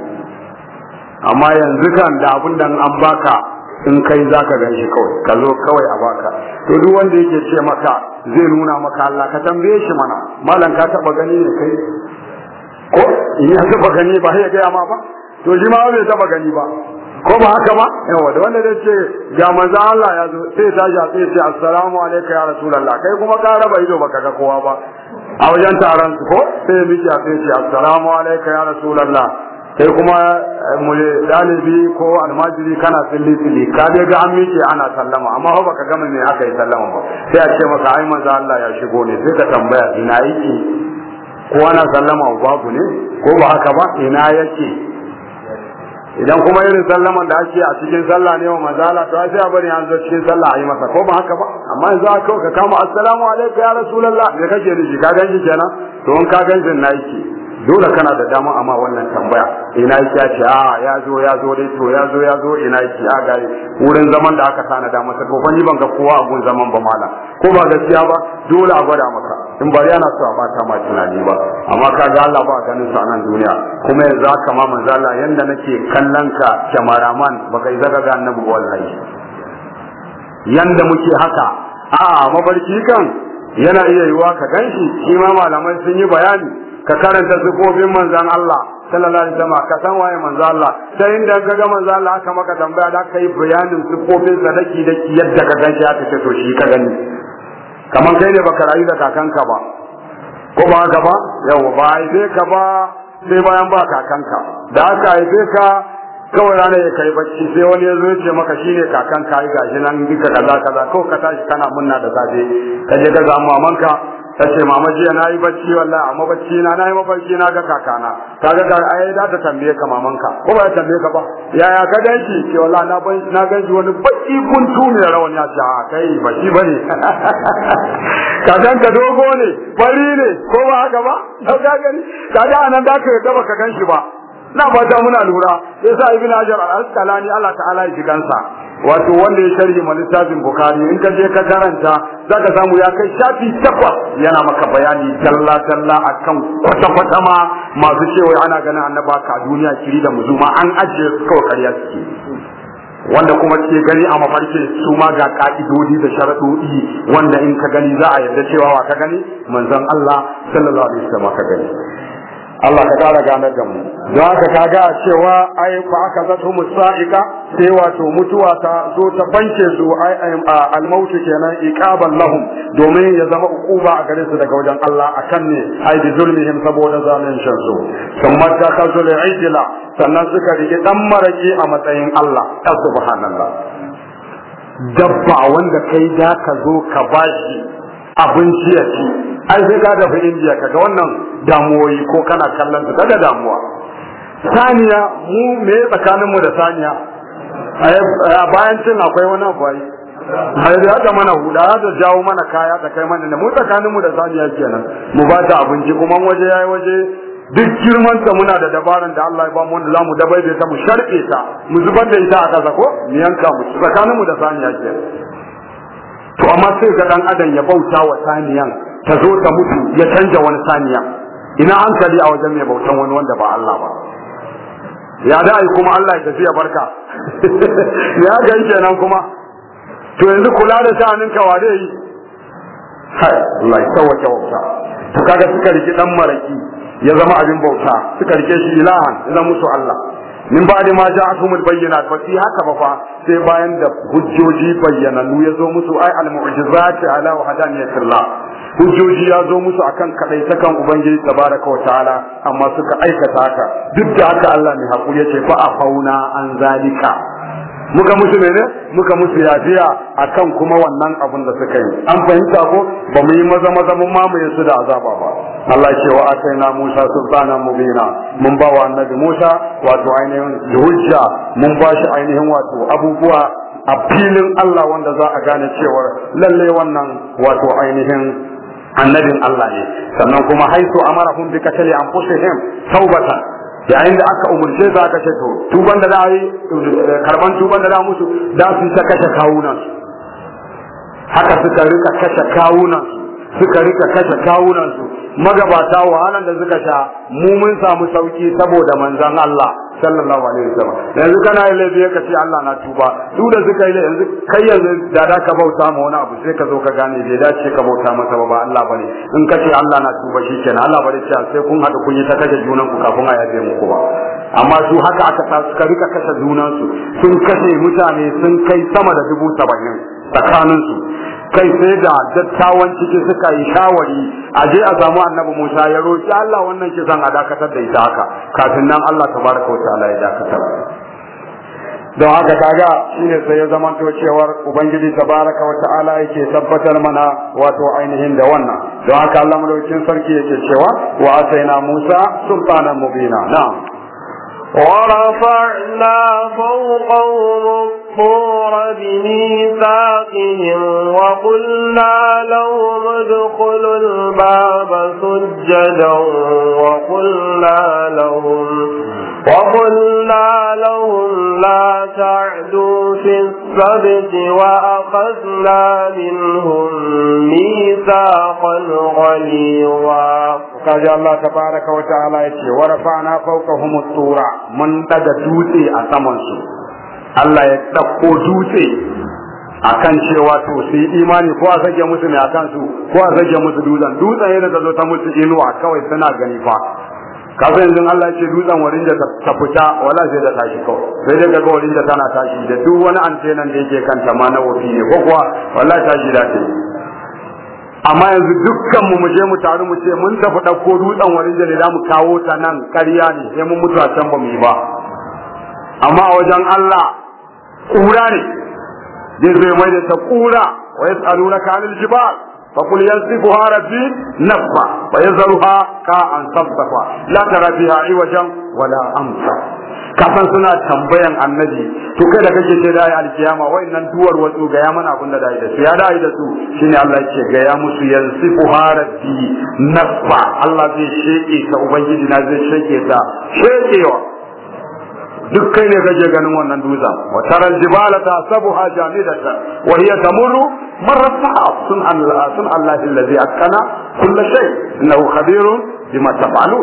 amma yanzu kan da abin da an baka in kai zaka gan shi kawai ka zo kawai a baka to duk wanda yake ce maka zai nuna maka Allah ka tambaye shi mana malam ka taba gani ne kai ko in ya taba gani ba ya gaya ma ba to shi ma bai taba gani ba ko ba haka ba yawa da wanda zai ce ga manzo Allah ya zo sai ta ja sai ce assalamu alaikum ya rasulullah kai kuma ka raba ido baka ga kowa ba a wajen taron su ko sai miji a sai ce assalamu alaikum ya rasulullah sai kuma eh, ɗalibi ko almajiri kana tsilli tsilli ka dai ga an miƙe ana sallama amma ba ka gama me aka yi sallama ba sai a ce maka ai manzo Allah ya shigo ne sai ka tambaya ina yake ko ana sallama babu ne ko ba haka ba ina yake idan kuma irin sallaman da ake a cikin sallah ne wa mazala to sai a bari an zo cikin sallah a yi masa ko ba haka ba amma yanzu a kawai ka kama assalamu alaikum ya rasulullah me kake nufi ka ganshi kenan to in ka ganshi na yake dole kana da dama amma wannan tambaya ina yake ya ce a ya zo ya zo dai to ya zo ya zo ina yake a gari wurin zaman da aka tana da masa ko ban ga kowa a gun zaman ba mala ko ba gaskiya ba dole a gwada maka in ba yana so a bata ma tunani ba amma ka ga Allah ba ganin sa nan duniya kuma yanzu haka ma manzo Allah yanda nake kallon ka kamaraman ba kai zaka ga annabi wallahi yanda muke haka a mabarki kan yana iya yiwa ka ganshi shi ma malamai sun yi bayani ka karanta sifofin manzan Allah sallallahu alaihi wasallam ka san waye manzan Allah sai inda ka ga manzan Allah aka maka tambaya da kai bayanin sifofin sa daki daki yadda ka ganshi aka ce to shi ka gani kamar kai ne baka rayu da kakanka ba ko ba ka ba yau ba sai ka ba sai bayan ba kakanka da aka haife ka kawai rana ya kai bacci sai wani ya zo ya ce maka shine kakan ai gashi nan duka kaza kaza ko ka tashi kana munna da safe ka je ka zama mamanka ta ce mama jiya na yi bacci wallahi amma bacci na na yi mafarki na ga kakana kaga ga ai da ta tambaye ka mamanka ko ba ta tambaye ka ba yaya ka ganshi ce wallahi na ban na ganshi wani bacci kuntu tuni rawan ya ta a kai bacci bane ka gan ka dogo ne fari ne ko ba haka ba ka gani ga anan da ka ga baka ganshi ba na ta muna lura sai sa ibnu hajar al-asqalani Allah ta'ala ya ji wato wanda ya sharhi ma littafin bukari in ka je ka karanta zaka samu ya kai shafi takwas yana maka bayani dalla dalla akan kwata kwata ma masu cewa ana ganin annaba ka duniya kiri da muzuma an ajiye kawai ƙarya suke wanda kuma ke gani a mafarkin su ma ga ka'idodi da sharaɗoɗi, wanda in ka gani za a yarda cewa wa ka gani manzon Allah sallallahu alaihi wasallam ka gani Allah ka kara ganar da mu don haka kaga cewa ai fa aka zato musa'ika sai wato mutuwa ta zo ta banke su ai almautu kenan iqaban lahum domin ya zama ukuba a gare su daga wajen Allah akan ne ai bi zulmihim saboda zalincin su kuma ta kazul ijla sannan suka rike dan maraki a matsayin Allah subhanallah dabba wanda kai da ka zo ka bashi abinci ya ci ai sai ka tafi indiya kaga wannan damuwoyi ko kana kallon su kaga damuwa saniya mu me tsakaninmu da saniya a bayan cin akwai wani abu A ai da haka mana huda da jawo mana kaya da kai mana mu tsakaninmu da saniya kenan mu ba ta abinci kuma waje yayi waje duk girman ta muna da dabaran da Allah ya ba mu wanda zamu dabai da ta mu sharke ta mu zubar da ita a kasa ko mu yanka mu tsakaninmu da saniya kenan to amma sai ga dan adam ya bauta wa saniyan ta zo ta mutu ya canja wani saniya ina hankali a wajen mai bautan wani wanda ba Allah ba ya da'ai kuma Allah ya tafi ya barka ya gan kenan kuma to yanzu kula da sha'anin ka ware yi hai Allah ya tawake wauta to kaga suka riki dan maraki ya zama abin bauta suka rike shi ilahan na musu Allah min ba da ma ja'atumul bayyinat ba sai haka ba fa sai bayan da hujjoji bayyananu ya zo musu ai al mu'jizati ala ya Allah hujjoji ya zo musu akan kadai ta kan ubangiji tabaraka wa ta'ala amma suka aikata haka duk da haka Allah ne hakuri yace fa afauna an zalika muka musu mene muka musu yafiya akan kuma wannan abin da suka yi an fahimta ko ba mu yi maza maza mun mamaye su da azaba ba Allah ce wa ataina Musa sultana mubina mun ba wa annabi Musa wato ainihin hujja mun ba shi ainihin wato abubuwa a filin Allah wanda za a gane cewa lalle wannan wato ainihin annabin Allah ne sannan kuma haitu amarahum bi qatli anfusihim tawbatan yayin da aka umurce za ka ce to tuban da za a yi karban tuban da za musu da su ta kashe kawunan haka suka rika kashe kawunan suka rika kashe kawunansu magabata wahalan da suka sha mu mun samu sauki saboda manzon Allah sallallahu alaihi wasallam yanzu kana yi biye ka ce Allah na tuba duk da suka yi yanzu kai yanzu da da ka bauta ma wani abu sai ka zo ka gane bai dace ka bauta masa ba Allah bane in ka ce Allah na tuba shikenan Allah bane ce sai kun hada kun yi ta kashe junan ku kafin a yabe muku ba amma su haka aka suka rika kashe junansu sun kashe mutane sun kai sama da dubu saba'in tsakaninsu kai sai da dattawan ciki suka yi shawari a je a samu annabi Musa ya roki Allah wannan kisan a dakatar da ita haka kafin nan Allah tabaraka wa ta'ala ya dakatar don haka kaga shine sai ya zama to cewar ubangiji tabaraka wa ta'ala yake tabbatar mana wato ainihin da wannan don haka Allah madaukakin sarki yake cewa wa asaina Musa sultanan mubina na ورفعنا فوقهم الطور بميثاقهم وقلنا لهم ادخلوا الباب سجدا وقلنا لهم وقلنا لهم لا تعدوا في السبت وأخذنا منهم ميثاقا غليظا kaji الله تبارك وتعالى ورفعنا فوقهم الطور من تدوتي at Allah ya ɗauko dutse a kan cewa to su yi imani ko a zage musu mai kan su ko a zage musu dutsen dutsen yana da zo ta musu inuwa kawai suna gani fa kafin yanzu Allah ya ce dutsen wurin da ta fita wala zai da tashi kawai sai dai kaga wurin da tana tashi da duk wani antenan da yake kanta ma na wofi ne ko kuwa wala tashi da ta amma yanzu dukkan mu je mu taru mu ce mun tafi ɗauko dutsen wurin da ne za mu kawo ta nan ƙarya ne sai mun mutu a can ba mu yi ba amma wajen Allah kura ne zai zai mai da ta kura wa na kanin jibal fa qul yansifuha rabbi nafa fa yazruha ka an sabtafa la tara biha iwajan wala amsa kasan suna tambayan annabi to kai da kake ce da ai alkiyama wayannan duwar wato ga yaman mana da da su ya da da su shine Allah yake ga ya musu yansifu harati nafa, Allah zai sheke ta ubangiji na zai sheke ta shekewa duk kai ne kake ganin wannan dutsen wa taral jibala tasabuha jamidatan wa hiya tamurru marra sahab sun Allah sun Allah allazi akana kullu shay innahu khabirun bima taf'alun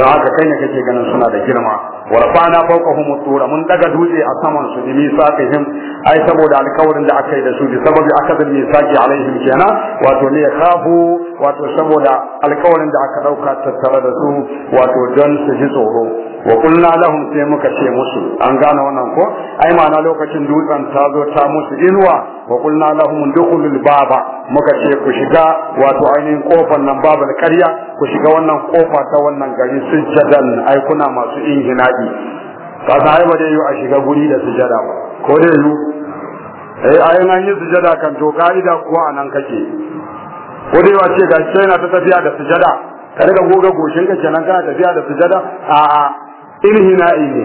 don haka kai ne kake ganin suna da girma wa rafa'na fawqahum tura mun daga dutse a saman su bi misaqihim ai saboda alƙawarin da aka yi da su bi sababi akadin misaki alaihim kenan wato ne kafu wato saboda alƙawarin da aka dauka tattare da su wato don su ji tsoro wa kulna lahum sai muka ce musu an gane wannan ko ai ma'ana lokacin dutsen ta zo ta musu inuwa wa kulna lahum dukhulul baba muka ce ku shiga wato ainihin kofar nan babal karya ku shiga wannan kofa ta wannan gari sujjadan ai kuna masu inhinadi ka sai ba dai a shiga guri da sujjada ba ko dai Eh, ai ayin an sujada kan to ka'ida kuwa a kake ko dai wace ga shi yana ta tafiya da sujada ka daga goga goshin ka kenan kana tafiya da sujada a a ilhina'i ne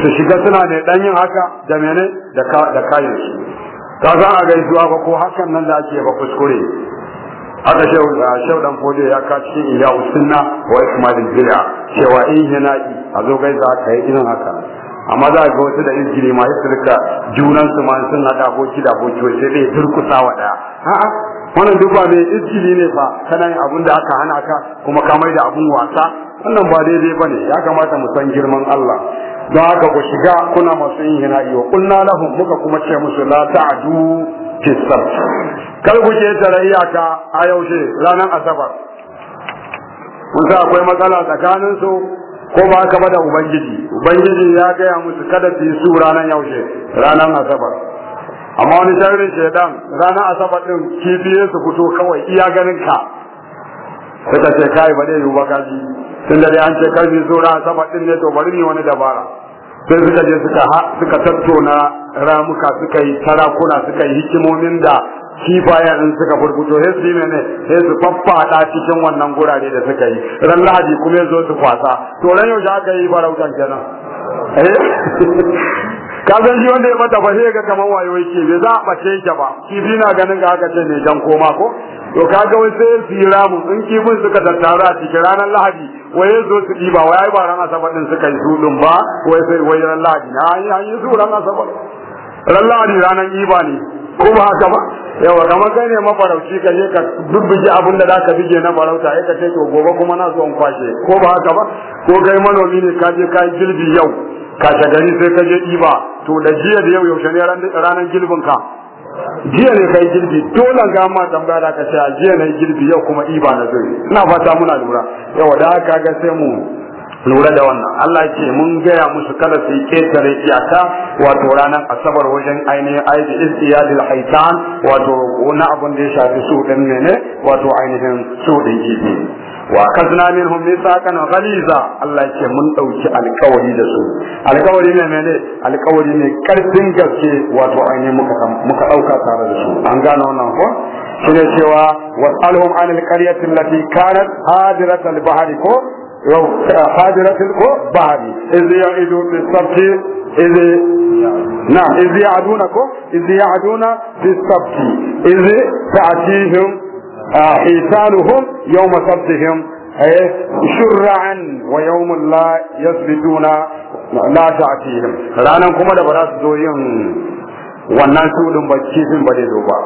su shiga suna ne dan yin haka da mene da da kayan shi ka za a gaisu ba ko hakan nan da ake ba kuskure haka shau dan fode ya ka cikin iya usunna wa ikmalin bid'a cewa in hina'i a zo gaisa ka yi irin haka amma za a ga wasu da izgiri ma su junansu junan su ma sun na aboki da aboki wai sai dai turkusa wa ɗaya. a'a wannan duk ba mai izgiri ne fa kana yin abin da aka hana ka kuma ka mai da abun wasa wannan ba daidai ne, ya kamata mu san girman Allah don haka ku shiga kuna masu yin hina'i wa kunna lahum muka kuma ce musu la ta'du fi kar ku ce tarayya ka a yaushe ranar asabar kun akwai matsala tsakanin su ko ba haka ba da ubangiji ubangiji ya gaya musu kada su yi su ranar yaushe ranar asabar amma wani sharrin shaidan ranar asabar din ya su fito kawai iya ganin ka suka ce kai ba dai yuba kaji tun da dai an ce kai su ranar asabar din ne to bari ni wani dabara sai suka je suka suka tattauna ramuka suka yi tarakuna suka yi hikimomin da kifayen in suka burbuto sai su mene sai su faffada cikin wannan gurare da suka yi ran lahadi kuma ya zo su kwasa to ran yau da aka yi farautan kenan eh? ka san shi wanda ya mata ba sai ga kaman wayo yake bai za a bace yake ba kifi na ganin ga aka ce ne dan koma ko to kaga wai sai su yi ramu in kifin suka tattaru a cikin ranar lahadi wai zo su ɗiba wai ai ba ran asabar din suka yi sulun ba wai sai wai ran lahadi na yi su ran asabar ran lahadi ranar iba ne ko ba haka ba yawa kamar kai ne mafarauci ka je ka dubbuje abin da zaka bige na farauta ya ka ce to gobe kuma na so in kwashe ko ba haka ba ko kai manomi ne ka je ka yi girbi yau ka gari sai ka je diba to da jiya da yau yaushe ne ranar girbin ka jiya ne kai girbi dole ga ma tambaya da ka ce jiya ne girbi yau kuma iba na zo ina fata muna lura yawa da haka ga sai mu lura da wannan Allah ce mun gaya musu kada su ketare iyaka wato ranar asabar wajen ainihin aiki istiyadil haitan wato wani abun da ya shafi su din ne wato ainihin su din kifi wa kazna minhum mithaqan ghaliza Allah ce mun dauki alkawari da su alkawari ne mene alkawari ne karfin gaske wato ainihin muka muka dauka tare da su an gano wannan ko shine cewa wasalhum anil qaryati allati kanat hadirat al-bahri ko حاضرة بعد إذ يعدون بالسبت إذ نعم إذ يعدونكم إذ يعدون بالسبت إذ تأتيهم آه، حيتانهم يوم سبتهم إيه؟ شرعا ويوم لا يثبتون لا تأتيهم رانا كما لبراس دوين wannan sudin ba kifin ba zai zo ba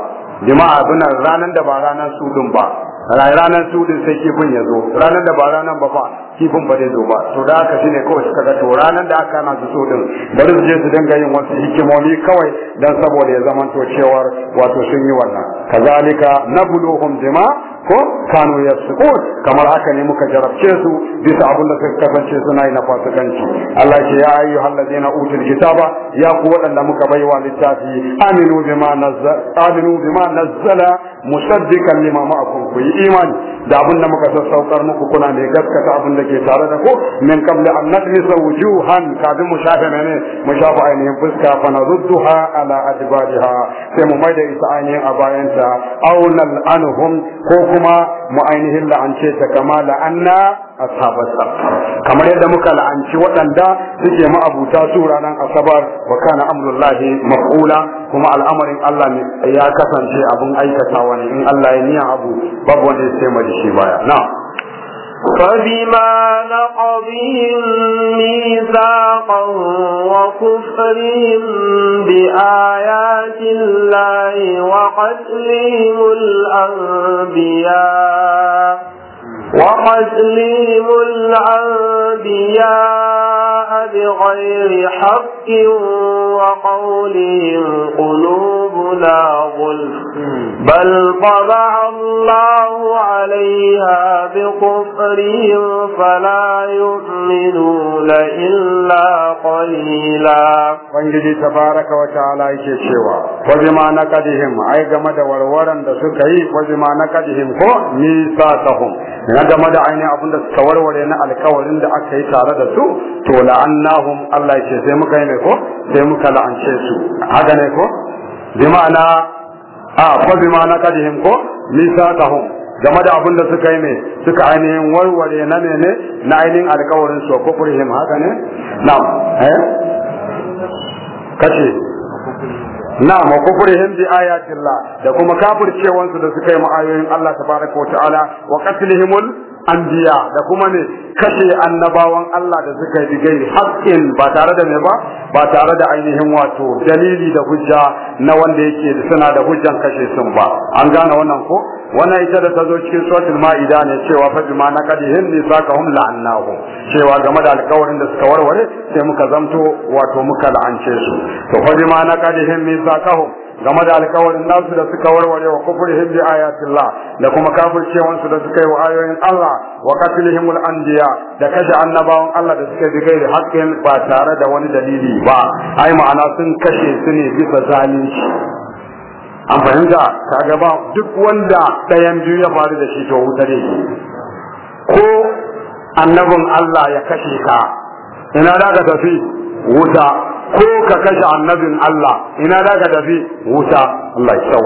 jama'a abin ranar da ranar tudin sai kifin ya zo ranar da ba ranar ba fa kifin ba zai zo ba to da aka shine kawai suka ga to ranar da aka na su so din bari su je su dinga yin wasu hikimomi kawai dan saboda ya zamanto cewar wato sun yi wannan kazalika nabluhum bima ko Kano ya suko kamar haka ne muka jarabce su bisa abin da suka kasance suna yi na fasikanci Allah ke ya ayu na utul kitaba ya ku wadanda muka baiwa littafi aminu bima nazzala aminu bima nazzala musaddikan lima ma'akum ku imani da abin da muka sassaukar muku kuna ne gaskata abin da ke tare da ku min qabla an nadrisa wujuhan kafin mu shafe mene mu shafe ainihin fuska fa narudduha ala adbariha sai mu maida ita ainihin a bayanta aw anhum ko kuma mu ainihin la'ance ta kama la'anna ashabarsa kamar yadda muka la'anci waɗanda suke ma'abuta su ranar asabar wa kana amrullahi maf'ula kuma al'amarin Allah ya kasance abin aikatawa ne in Allah ya niya abu babu wanda ya sai shi baya na'am فبما نقضهم ميثاقا وكفرهم بآيات الله وقتلهم الأنبياء وحسليم الأنبياء بغير حق وقولهم قلوبنا ظلم بل طبع الله عليها بكفرهم فلا يؤمنون إلا قليلا وانجد تبارك وتعالى يشيشوا وزما نكدهم أي جمد ورورا دسكي وزما نكدهم فؤ نيساتهم na game da ainihin abin da suka warware na alkawarin da aka yi tare da su to la'annahum Allah ya ce sai muka yi mai ko sai muka la'ance su haka ne ko bi ma'ana a ko bi ma'ana kadihim ko nisa misaqahum game da abin da suka yi mai suka ainihin warware na nene, na ainihin alkawarin su ko kurhim haka ne na'am eh kace na ma kufrihim bi ayatillah da kuma kafircewansu da suka yi mu ayoyin Allah tabaraka wa ta'ala wa anbiya da kuma ne kashe annabawan Allah da suka yi gai haƙƙin ba tare da me ba ba tare da ainihin wato dalili da hujja na wanda yake suna da hujjan kashe sun ba an gane wannan ko wannan ita da tazo zo cikin suratul ma'ida ne cewa fa bima naqadihim misaqahum la'annahum cewa game da alƙawarin da suka warware sai muka zamto wato muka la'ance su to fa bima naqadihim misaqahum game da alkawarin nasu da suka warware wa kufurihim bi ayatillah da kuma kafircewan su da suka yi wa ayoyin Allah wa qatlihim al anbiya da kashe annabawan Allah da suka bigai da hakkin ba tare da wani dalili ba ai ma'ana sun kashe su ne bisa zalunci an fahimta kaga ba duk wanda ɗayan biyu ya faru da shi to wuta ne ko annabin Allah ya kashe ka ina da ka tafi wuta ko ka kashe annabin Allah ina da ka tafi wuta Allah ya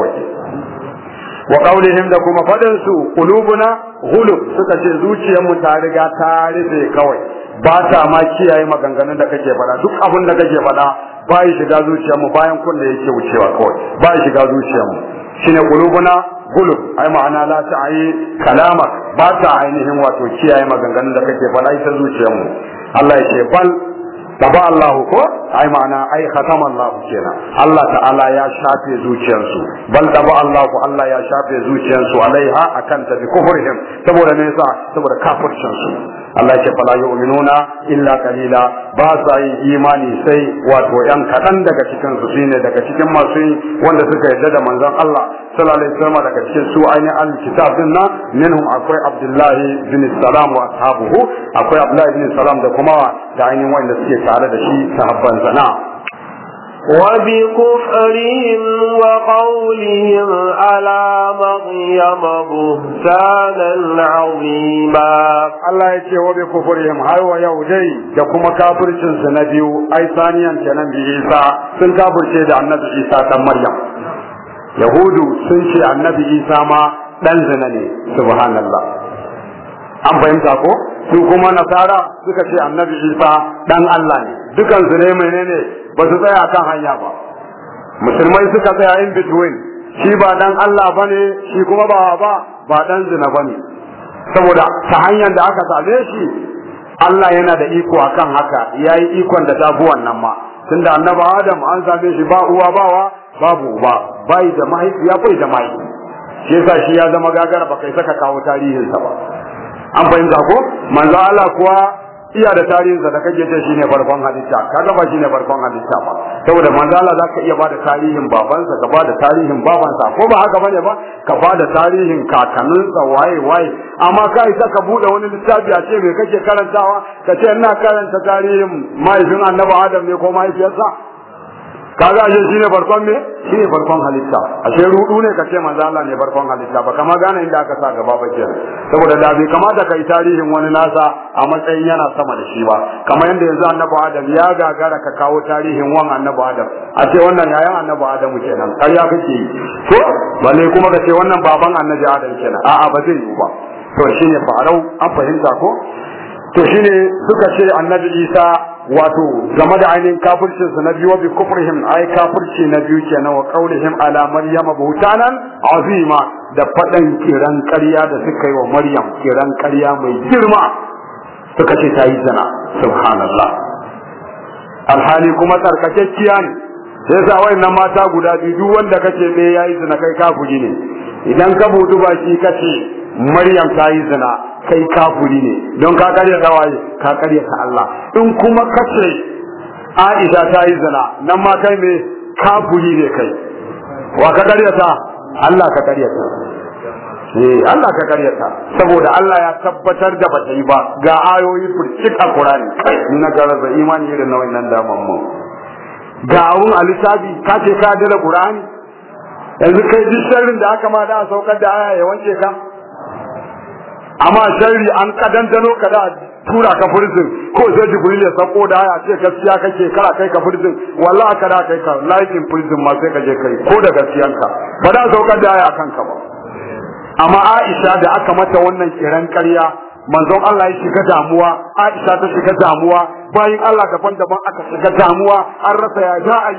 wa qaulihim da kuma fadin su qulubuna ghulub suka ce zuciyar mu ta riga ta rufe kawai ba ta ma kiyaye maganganun da kake faɗa duk abin da kake faɗa ba ya shiga zuciyar mu bayan kun da yake wucewa kawai ba ya shiga zuciyar mu shine qulubuna ghulub ai ma'ana la ta'i kalama ba ta ainihin wato kiyaye maganganun da kake faɗa ita zuciyar mu Allah ya ce bal taba ko ai ma'ana ai khatama Allahu kenan Allah ta'ala ya shafe zuciyarsu bal taba Allahu Allah ya shafe zuciyarsu alaiha akan ta bi kufrihim saboda me yasa saboda kafircin su Allah ya fala yu'minuna illa qalila ba sa yin imani sai wato yan kadan daga cikin su shine daga cikin masu wanda suka yarda da manzon Allah sallallahu alaihi wasallam daga cikin su ainihin alkitab din nan minhum akwai Abdullahi bin Salam wa ashabuhu akwai Abdullahi bin Salam da kuma da ainihin wanda suke tare da shi sahabban zana. وبكفرهم وقولهم على مريم بهتانا عظيما الله يتي وبكفرهم هاي ويودي يقوم كافر جنس نبيو أي ثانيا كان عيسى سن كافر شيد النبي عيسى تم مريم يهود سن النبي عيسى ما دنزنني سبحان الله an fahimta ko su kuma nasara suka ce annabi isa dan Allah ne dukansu ne menene ba su tsaya kan hanya ba musulmai suka tsaya in between shi ba dan Allah bane shi kuma ba ba ba dan zina bane saboda ta hanyar da aka same shi Allah yana da iko akan haka yayi ikon da tafi wannan ma tunda annabi Adam an same shi ba uwa bawa babu uba bai da mahaifiya bai da mahaifi shi yasa shi ya zama gagara ba kai saka kawo tarihinsa ba an fahimta ko manzo Allah kuwa iya da tarihinsa da kake ce shine farkon halitta kaga ba shine farkon halitta ba saboda manzo Allah zaka iya bada tarihin babansa ka bada tarihin babansa ko ba haka bane ba ka bada tarihin kakanninsa waye waye amma kai sai ka bude wani littafi a ce me kake karantawa ka ce ina karanta tarihin mahaifin annabi Adam ne ko mahaifiyarsa kaga ashe ne farkon ne ne farkon halitta ashe rudu ne kace manzo Allah ne farkon halitta ba kama gane inda aka sa gaba ba kenan saboda da bai kamata kai tarihin wani nasa a matsayin yana sama da shi ba kamar yanda yanzu annabi Adam ya gagara ka kawo tarihin wan annabi Adam a ce wannan yayan annabi Adam kenan ƙarya kake yi ko balle kuma kace wannan baban annabi Adam kenan a'a ba zai yi ba to shine farau an fahimta ko to shine suka ce annabi Isa wato game da ainihin kafircin su na biyu wa bi kufrihim ai kafirci na biyu kenan wa qaulihim ala maryama buhtanan azima da fadan kiran ƙarya da suka yi wa maryam kiran ƙarya mai girma suka ce ta yi zina subhanallah alhali kuma tsarkakekkiya ne sai sa na mata guda biyu duk wanda kace me eh yayi zina kai kafiri ne idan ka budu baki kace maryam ta yi zina kai kafuri ne don ka karya ta waye ka karya ta Allah in kuma kace Aisha ta yi zina nan ma kai me kafuri ne kai wa ka karya ta Allah ka karya ta eh Allah ka karya ta saboda Allah ya tabbatar da bata yi ba ga ayoyi furcika Qur'ani ni na da imani irin na nan da mamu ga abun alisabi ka ce ka dala Qur'ani yanzu kai duk sharrin da aka ma da saukar da aya ya wanke ka amma sharri an kadandano ka da tura ka furzin ko sai jibril ya sako da haya ce gaskiya kake kara kai ka furzin wallahi ka da kai ka laifin furzin ma sai ka je kai ko da ka. ba da saukar da haya ka ba amma Aisha da aka mata wannan kiran ƙarya manzon Allah ya shiga damuwa Aisha ta shiga damuwa bayan Allah daban-daban aka shiga damuwa an rasa ya za a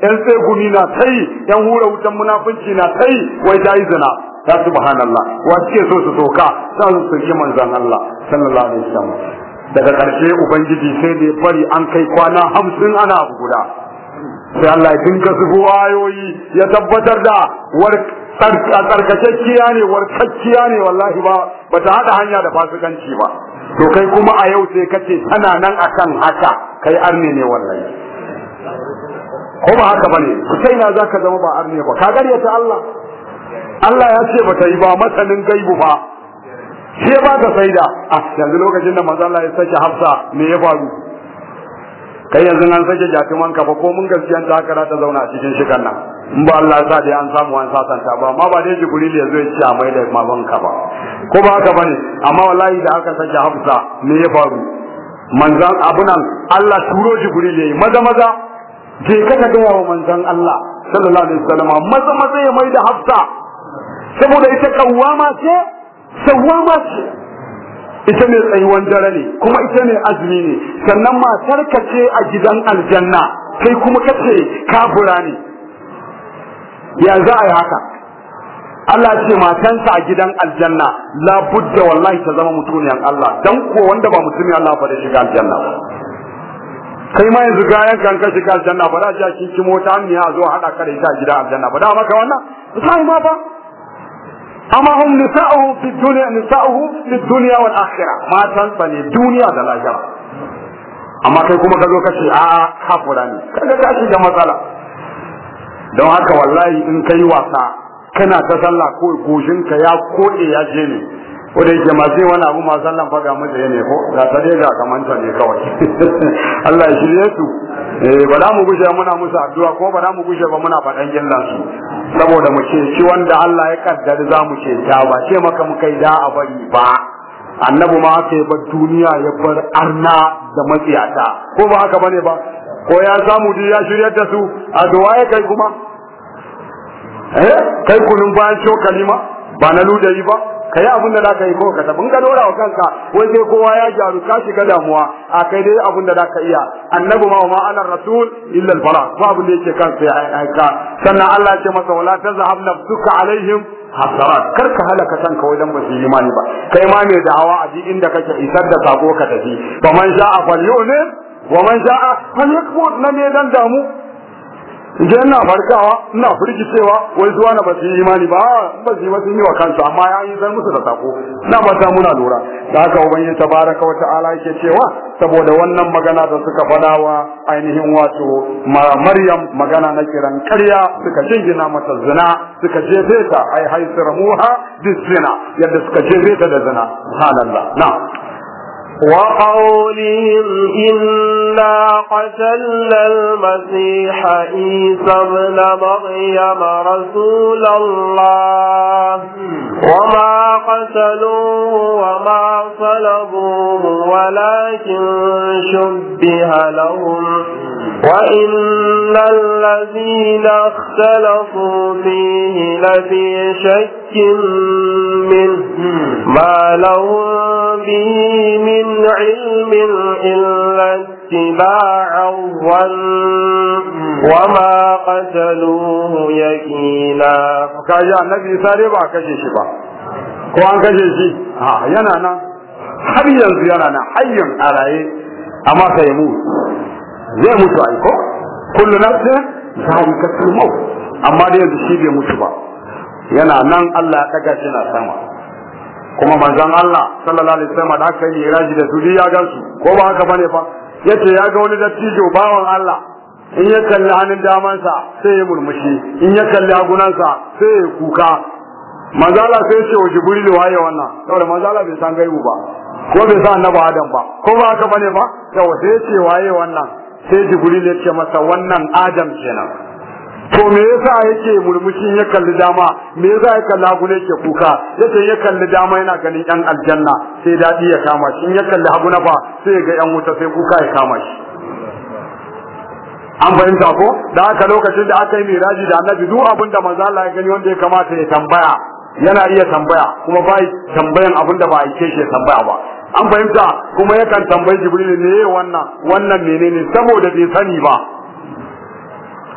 sai yan na sai yan hura wutan munafunci na sai wai ta zina ta subhanallah wa suke so su soka za su soki manzan Allah sallallahu alaihi wasallam daga karshe ubangiji sai da bari an kai kwana hamsin ana abu guda sai Allah ya dinka zubo wayoyi ya tabbatar da war tsarkakekkiya ne warkakkiya ne wallahi ba ba ta haɗa hanya da fasikanci ba to kai kuma a yau sai kace tana nan akan haka kai arne ne wallahi ko ba haka bane sai na zaka zama ba arne ba ka gariya ta Allah Allah ya ce ba ta yi ba masanin gaibu ba sai ba ta da a ah, yanzu lokacin da maza Allah ya sake Hafsa me ya faru kai yanzu an sake jatuman ka fa ko mun gaskiyan ta haka ta zauna a cikin shi nan in ba Allah ya sa dai an samu an sasanta ba amma ba dai Jibril ya zo ya ci amai da maman ka ba ko ba haka bane amma wallahi da aka sake Hafsa me ya faru manzan abunan Allah turo Jibril yayi maza maza je ka ga wa manzan Allah sallallahu alaihi wasallam maza maza ya mai da Hafsa saboda ita kawama ce sawama ce ita mai tsayuwan dare ne kuma ita mai azumi ne sannan matar ka ce a gidan aljanna kai kuma ka ce kafura ne ya za a yi haka Allah ce matansa a gidan aljanna la budda wallahi ta zama mutuniyan Allah dan ko wanda ba mutumin Allah ba da shiga aljanna kai ma yanzu gayan kan ka shiga aljanna ba da ji a cikin mota ne a zo hada ka da ita a gidan aljanna ba da maka wannan sai ma ba amma nisa'uhu fi dunya nisa'uhu fi dunya wal akhirah ne duniya da lahira amma kai kuma ka zo ka ce a kafura ne kaga ka shiga matsala don haka wallahi in kai wasa kana ta sallah ko goshin ka ya kode ya je ne ko da yake masu yin wani abu masu Allah faga mata ne ko ga ta dai ga kamanta ne kawai Allah ya shirye su eh ba za mu gushe muna musu addu'a ko ba za mu gushe ba muna faɗan gillan su saboda mu ce shi wanda Allah ya kaddara za mu ce ta ba ce maka mu kai da a bari ba annabi ma ka yi bar duniya ya bar arna da matsiyata ko ba haka bane ba ko ya samu duk ya shirye da su addu'a ya kai kuma eh kai kunun bayan cokali ma ba na ludayi ba kai abin da zaka yi ko ka tafi ka dora wa kanka wai sai kowa ya gyaru ka shiga damuwa a kai dai abin da zaka iya annabi ma ma rasul illa al-bala ba abin da yake kansa ya aika sannan Allah ya ce masa wala tazhab nafsuka alaihim hasarat kar ka halaka kanka wajen ba su imani ba kai ma mai da'awa a inda kake isar da sako ka tafi faman sha'a falyu'min wa man sha'a falyakfur na me dan damu idan ina farkawa ina furgicewa, wai zuwa na ba yi imani ba ba su yi ba yi wa kansu amma ya yi zan musu da sako ina mata muna lura da haka ubangiji tabaraka wata ta'ala yake cewa saboda wannan magana da suka faɗa ainihin wato maryam magana na kiran karya suka jingina mata zina suka jefe ta ai haisir muha zina, yadda suka jefe ta da zina subhanallah na'am وقولهم إنا قتلنا المسيح عيسى ابن مريم رسول الله وما قتلوه وما صلبوه ولكن شبه لهم وإن الذين اختلفوا فيه لفي شك منه ما لهم به من علم إلا اتباع الظن وما قتلوه يكينا كاجا النبي ساري با كاجي شي با ko an kashe shi ha yana nan har yanzu yana na hayyan a raye amma sai mu zai mutu ai ko kullu nafsin zalika maut amma yanzu shi bai mutu ba yana nan Allah ya daga sama kuma manzon Allah sallallahu alaihi wasallam da aka yi raji da su duk ya gansu ko ba haka bane fa yace ya ga wani dattijo bawan Allah in ya kalli hannun damansa sai ya murmushi in ya kalli agunansa sai ya kuka Manzala sai ya ce wa Jibril waye wannan saboda manzala bai san gaibu ba ko bai san annabi Adam ba ko ba haka bane ba yawa sai ya ce waye wannan sai Jibril ya ce masa wannan Adam kenan to me yasa yake murmushin ya kalli dama me yasa ya kalli hagu ne yake kuka yace ya kalli dama yana ganin yan aljanna sai dadi ya kama shi in ya kalli hagu na fa sai ga yan wuta sai kuka ya kama shi an fahimta ko da aka lokacin da aka yi miraji da annabi duk abin da manzo Allah ya gani wanda ya kamata ya tambaya yana iya tambaya kuma bai tambayan abin da ba a shi tambaya ba an fahimta kuma yakan tambayi jibril ne wannan wannan menene saboda bai sani ba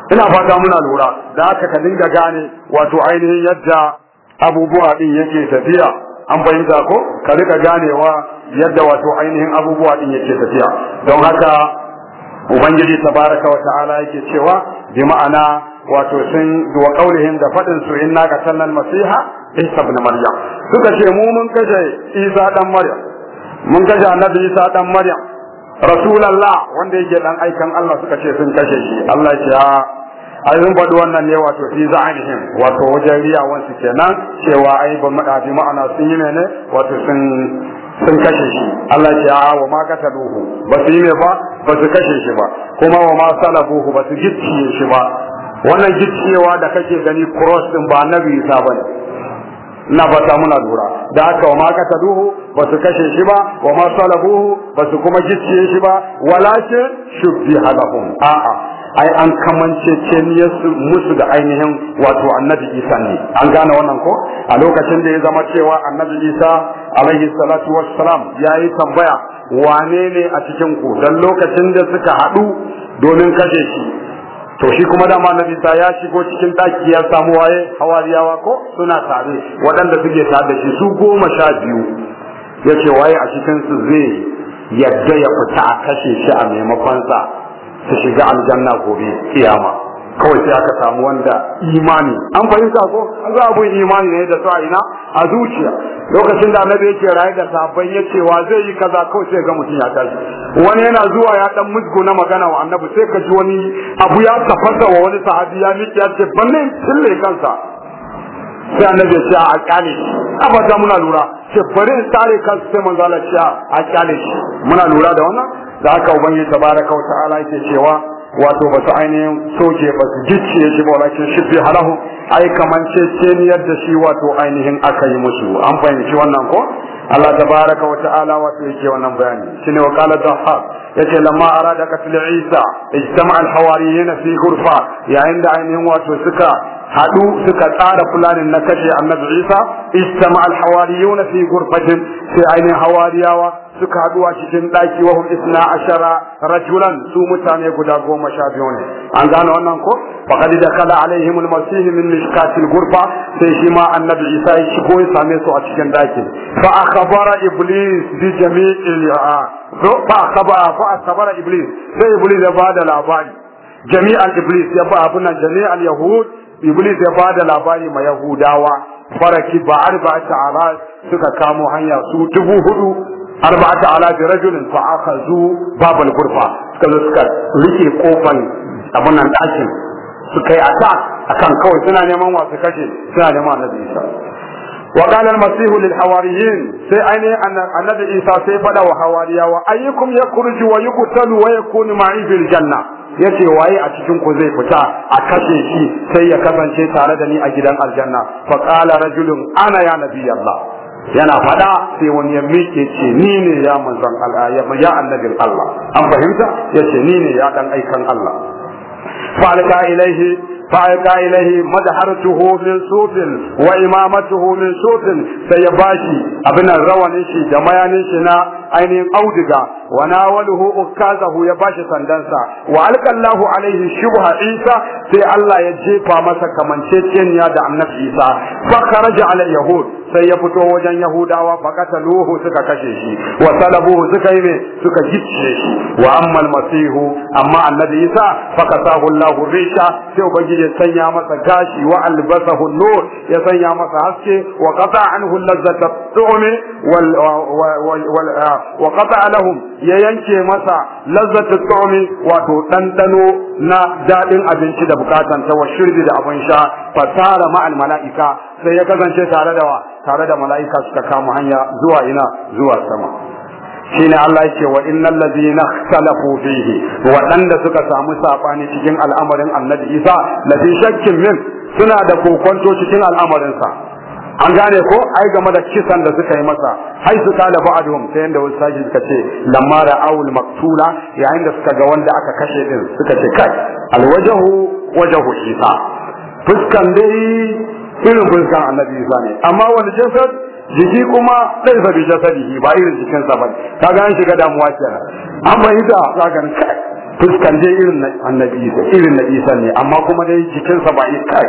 ina fata muna lura da haka ka dinga gane wato ainihin yadda abubuwa din yake tafiya an bayyana ko ka rika ganewa yadda wato ainihin abubuwa din yake tafiya don haka ubangiji tabaraka wa ta'ala yake cewa bi ma'ana wato sun wa kaulihim da fadin su inna ka sallal masiha isa ibn maryam suka ce mu mun kaje isa dan maryam mun kaje annabi isa dan maryam rasulallah wanda yake dan aikan Allah suka ce sun kashe shi Allah ya ah, ayyun badu wannan ne wato fi za'anihim wato wajen riyawan ke kenan cewa ai ba madabi ma'ana sun yi ne wato sun sun kashe shi Allah ya ce a wa ma kataluhu ba su yi ne ba ba su kashe shi ba kuma wa ma salabuhu ba su gicciye shi ba wannan gicciyewa da kake gani cross din ba annabi Isa ne, na ta muna lura da aka wa ma kataluhu ba su kashe shi ba wa ma salabuhu ba su kuma gicciye shi ba walakin shubbiha lahum a'a ai an kamance ce musu da ainihin wato annabi isa ne an gane wannan ko a lokacin da ya zama cewa annabi isa alaihi salatu wassalam ya yi tambaya wane ne a cikin ku dan lokacin da suka haɗu domin kashe shi to shi kuma dama annabi isa ya shigo cikin daki ya samu waye hawariyawa ko suna tare waɗanda suke tare da shi su goma sha biyu ya ce waye a su zai yadda ya fita a kashe shi a maimakon sa su shiga aljanna gobe kiyama kawai sai aka samu wanda imani an fahimta ko an ga abun imani ne da a ina a zuciya lokacin da annabi yake raye da sabon ya wa zai yi kaza kawai sai ga mutum ya tashi wani yana zuwa ya dan musgo na magana wa annabi sai ka ji wani abu ya tafasa wa wani sahabi ya miki ya ce banne kansa sai annabi ya ce a kyale abata muna lura ce bari in tare kansa sai manzo Allah ya ce a kyale muna lura da wannan da haka ubangiji tabaraka wa ta'ala yake cewa wato ba su ainihin soke ba su gicciye shi ba walakin shi fi halahu ai kaman ceceniyar da shi wato ainihin aka yi musu an fahimci wannan ko Allah tabaraka wa ta'ala wato yake wannan bayani shine wa qala dhahab yace lamma arada qatl Isa ijtama'a al-hawariyyin fi ghurfa yayin da ainihin wato suka hadu suka tsara fulanin na kashe annabi Isa ijtama'a al-hawariyyin fi ghurfatin sai ainihin hawariyawa suka haɗu a cikin ɗaki wa hum isna ashara rajulan su mutane guda goma sha biyu ne an gano wannan ko faqad dakala alaihim almasih min mishkatil gurfa sai shi ma annabi isa ya shigo ya same su a cikin ɗaki fa akhbara iblis bi jami'il fa akhbara fa akhbara iblis sai iblis ya bada labari jami'al iblis ya ba abunan jami'al yahud iblis ya bada labari ma yahudawa faraki ba arba ta'ala suka kamo hanya su dubu hudu arba'ata ala bi rajulin fa akhazu babal gurfa suka zo suka rike kofan abun nan dakin suka yi attack akan kawai suna neman wasu kashe suna neman annabi Isa sai المسيح للحواريين سي أني أن النبي إيسا سي فدا وحواريا وأيكم يخرج ويقتل ويكون معي في الجنة yace waye a cikin ku zai fita a kashe shi sai ya kasance tare da ni a gidan aljanna fa qala rajulun ana ya nabi yana faɗa sai wani ya miƙe ce ni ne ya manzon Allah ya annabin Allah an fahimta ya ce ni ne ya dan aikan Allah fa'alka ilaihi fa'alka ilaihi madharatuhu min sufin wa imamatuhu min sufin sai ya bashi abin rawanin shi da mayanin shi na ainihin auduga wa nawalahu ukazahu ya bashi sandansa wa alqallahu alaihi shubha isa sai Allah ya jefa masa kamanceceniya da annabi isa fa kharaja ala yahud sai ya fito wajen yahudawa fa qataluhu suka kashe shi wa salabuhu suka yi suka gicce shi wa amma almasihu amma annabi isa fa kasahu Allahu risha sai ubangiji ya sanya masa gashi wa albasahu nur ya sanya masa haske wa qata anhu lazzata tu'mi wal wal wa qata lahum ya yanke masa lazzatu tu'mi wato ɗanɗano na daɗin abinci da bukatan ta wa shirbi da abin sha fasara ma'al mala'ika sai ya kasance tare da wa tare da mala'ika suka kama hanya zuwa ina zuwa sama shine Allah yake wa innal ladina ikhtalafu fihi waɗanda suka samu sabani cikin al'amarin Annabi Isa la fi shakkin min suna da kokwanto cikin al'amarin sa an gane ko ai game da kisan da suka yi masa hai su kala ba'dhum sai yanda wasu sashi suka ce lamma ra'aw maktula yayin da suka ga wanda aka kashe din suka ce kai alwajahu wajahu isa fuskan dai irin fuskan annabi isa ne amma wani jasad jiki kuma dai fa bi jasadihi ba irin jikin sa ba kaga an shiga damuwa kenan amma ita zaka kai fuskan dai irin annabi isa irin na isa ne amma kuma dai jikin sa ba kai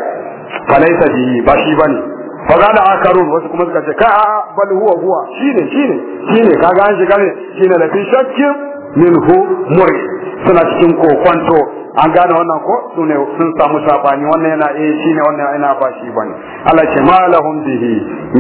falaisa bi ba shi bane fa za da akarun wasu kuma suka ce ka a bal huwa huwa shine shine shine kaga an shiga ne shine da fi shakkin hu muri suna cikin kokonto an gane wannan ko sune sun samu sabani wannan yana eh shine wannan yana ba shi bane Allah ce malahum bihi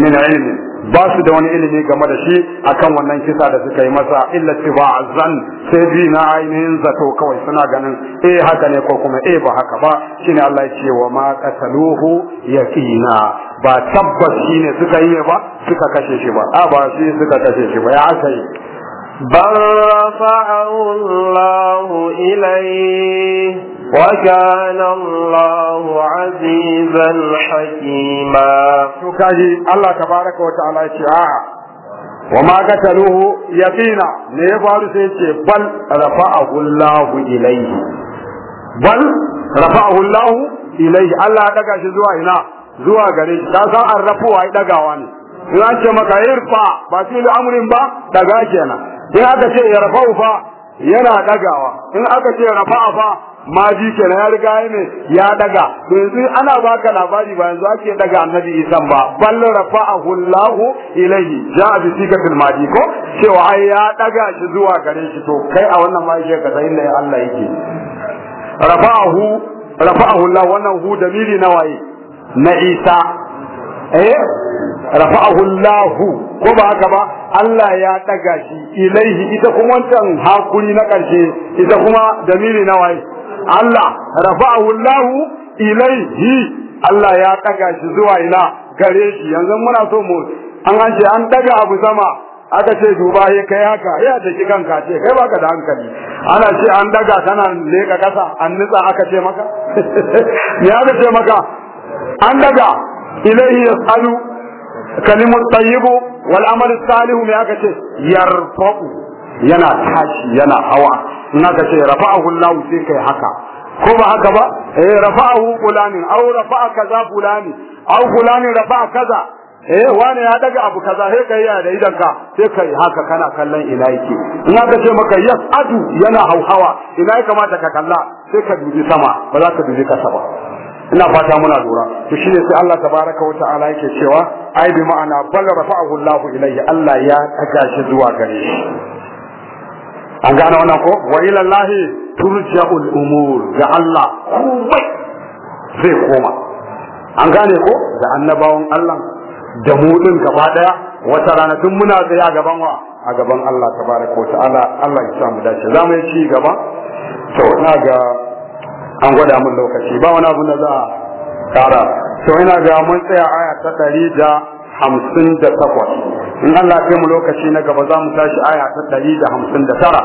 min ilmi ba su da wani ilimi game da shi akan wannan kisa da suka yi masa illa tiba zan sai bi na ainihin zato kawai suna ganin eh haka ne ko kuma eh ba haka ba shine Allah ya ce wa ma qataluhu yaqina ba tabbas shi ne suka yi ba suka kashe shi ba a ba shi suka kashe shi ba ya aka yi Barrafa'ahullahu ilai wa Allahu azizan hakima. Suka yi Allah ta baraka wata alaƙi a wa maka taruhu yaƙina ne ya faru ce bal rafa'ahullahu ilai. Bal rafa'ahullahu ilai Allah ya ɗaga shi zuwa ina. zuwa gare shi ta san rafu wa dagawa ne in an ce maka irfa ba da amrin ba daga kenan in aka ce rafa fa yana dagawa in aka ce rafa'a fa maji kenan ya riga ya ne ya daga to yanzu ana baka labari ba yanzu ake daga annabi isan ba bal rafa'ahu Allahu ilayhi ja'a bi sikatil maji ko cewa ai ya daga shi zuwa gare shi to kai a wannan ma yake ka sai Allah yake rafa'ahu rafa'ahu Allah wannan hu damiri na waye na isa eh rafa'ahu Allah ko ba haka ba Allah ya daga shi ilaihi ita kuma wancan hakuri na karshe ita kuma damiri na waye Allah rafa'ahu Allah ilaihi Allah ya daga shi zuwa ila gare shi yanzu muna so mu an an an daga abu sama aka ce duba ya kai haka ya da ki kanka ce kai baka da hankali ana ce an daga kana leka kasa an nitsa aka ce maka me aka ce maka an daga ilaihi yasalu kalimut tayyibu wal amal salihu me aka ce yarfa'u yana tashi yana hawa na aka ce rafa'ahu Allah sai kai haka ko ba haka ba eh rafa'ahu fulani aw rafa'a kaza fulani aw fulani rafa'a kaza eh wani ya daga abu kaza sai kai ya da idan ka sai kai haka kana kallon ina yake in aka ce maka yas'adu yana hauhawa ina kamata ka kalla sai ka dubi sama ba za ka dubi kasa ba ina fata muna lura to shine sai Allah tabaraka wa ta'ala yake cewa ai bi ma'ana bal rafa'ahu Allah ilayhi Allah ya daga shi zuwa gare shi an gane wannan ko wa ila Allah turja'ul umur ga Allah kuma zai koma an gane ko da annabawan Allah da mu din gaba daya wata rana tun muna tsaye a gaban wa a gaban Allah tabaraka wa ta'ala Allah ya samu dace zamu yi ci gaba to na ga an gwada mun lokaci ba wani abu na za a kara to ina ga mun tsaya aya ta ɗari da hamsin da takwas in Allah ya mu lokaci na gaba za mu tashi aya ta ɗari da hamsin da tara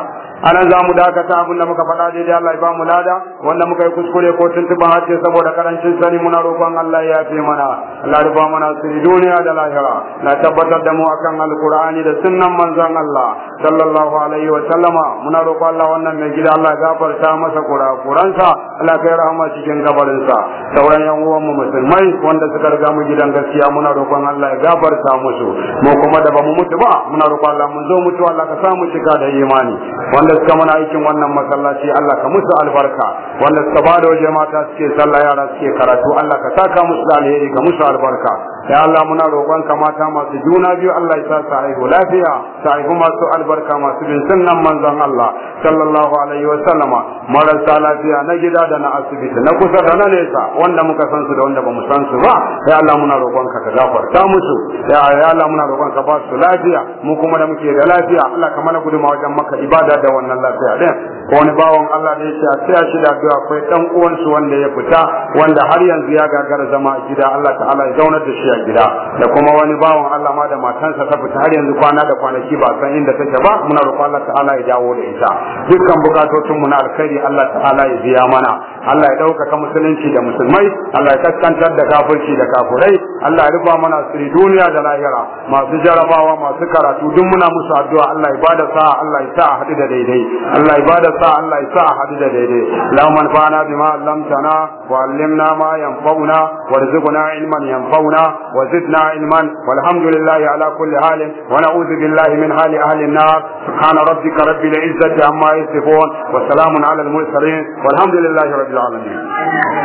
anan za mu dakata abin da muka faɗa daidai Allah ya ba mu lada wanda muka yi kuskure ko tuntuɓa hajji saboda karancin sani muna roƙon Allah ya fi mana Allah ya ba mana su duniya da lahira na tabbatar da mu akan alkur'ani da sunnan manzon Allah sallallahu alaihi wa sallama muna roƙon Allah wannan mai gida Allah ya gafarta masa kurakuransa Allah ya rahama cikin gabarinsa sauran yan uwan mu musulmai wanda suka riga mu gidan gaskiya muna roƙon Allah ya gafarta musu mu kuma da bamu mutu ba muna roƙon Allah mun zo mutuwa Allah ka samu cika da imani wanda wanda suka mana aikin wannan masallaci Allah ka musu albarka wanda suka bada wajen mata suke sallah yara suke karatu Allah ka saka musu da alheri ka musu albarka ya Allah muna roƙonka mata masu juna biyu Allah ya sa haihu lafiya su haihu masu albarka masu bin sunnan manzon Allah sallallahu alaihi wa sallama marasa lafiya na gida da na asibiti na kusa da na nesa wanda muka san su da wanda bamu san su ba ya Allah muna roƙonka ka gafarta musu ya Allah muna roƙonka ba su lafiya mu kuma da muke da lafiya Allah ka mana ma wajen maka ibada da wannan lafiya din ko wani bawon Allah da yake a tsaya shi da addu'a akwai dan uwansu wanda ya fita wanda har yanzu ya gagara zama a gida Allah ta'ala ya zauna da shi a gida da kuma wani bawan Allah ma da matansa ta fita har yanzu kwana da kwanaki ba san inda take ba muna roƙon Allah ta'ala ya dawo da ita dukkan bukatocin mu na alkhairi Allah ta'ala ya biya mana Allah ya ɗaukaka musulunci da musulmai Allah ya kaskantar da kafirci da kafurai Allah ya rufa mana asiri duniya da lahira masu jarabawa masu karatu duk muna musu addu'a Allah ya bada sa Allah ya sa a haɗu da daidai Allah ya bada sa Allah ya sa a haɗu da daidai Allahumma anfa'na bima allamtana wa allimna ma yanfa'una warzuqna ilman yanfa'una وزدنا علما والحمد لله على كل حال ونعوذ بالله من حال أهل النار سبحان ربك رب العزة عما يصفون وسلام على المرسلين والحمد لله رب العالمين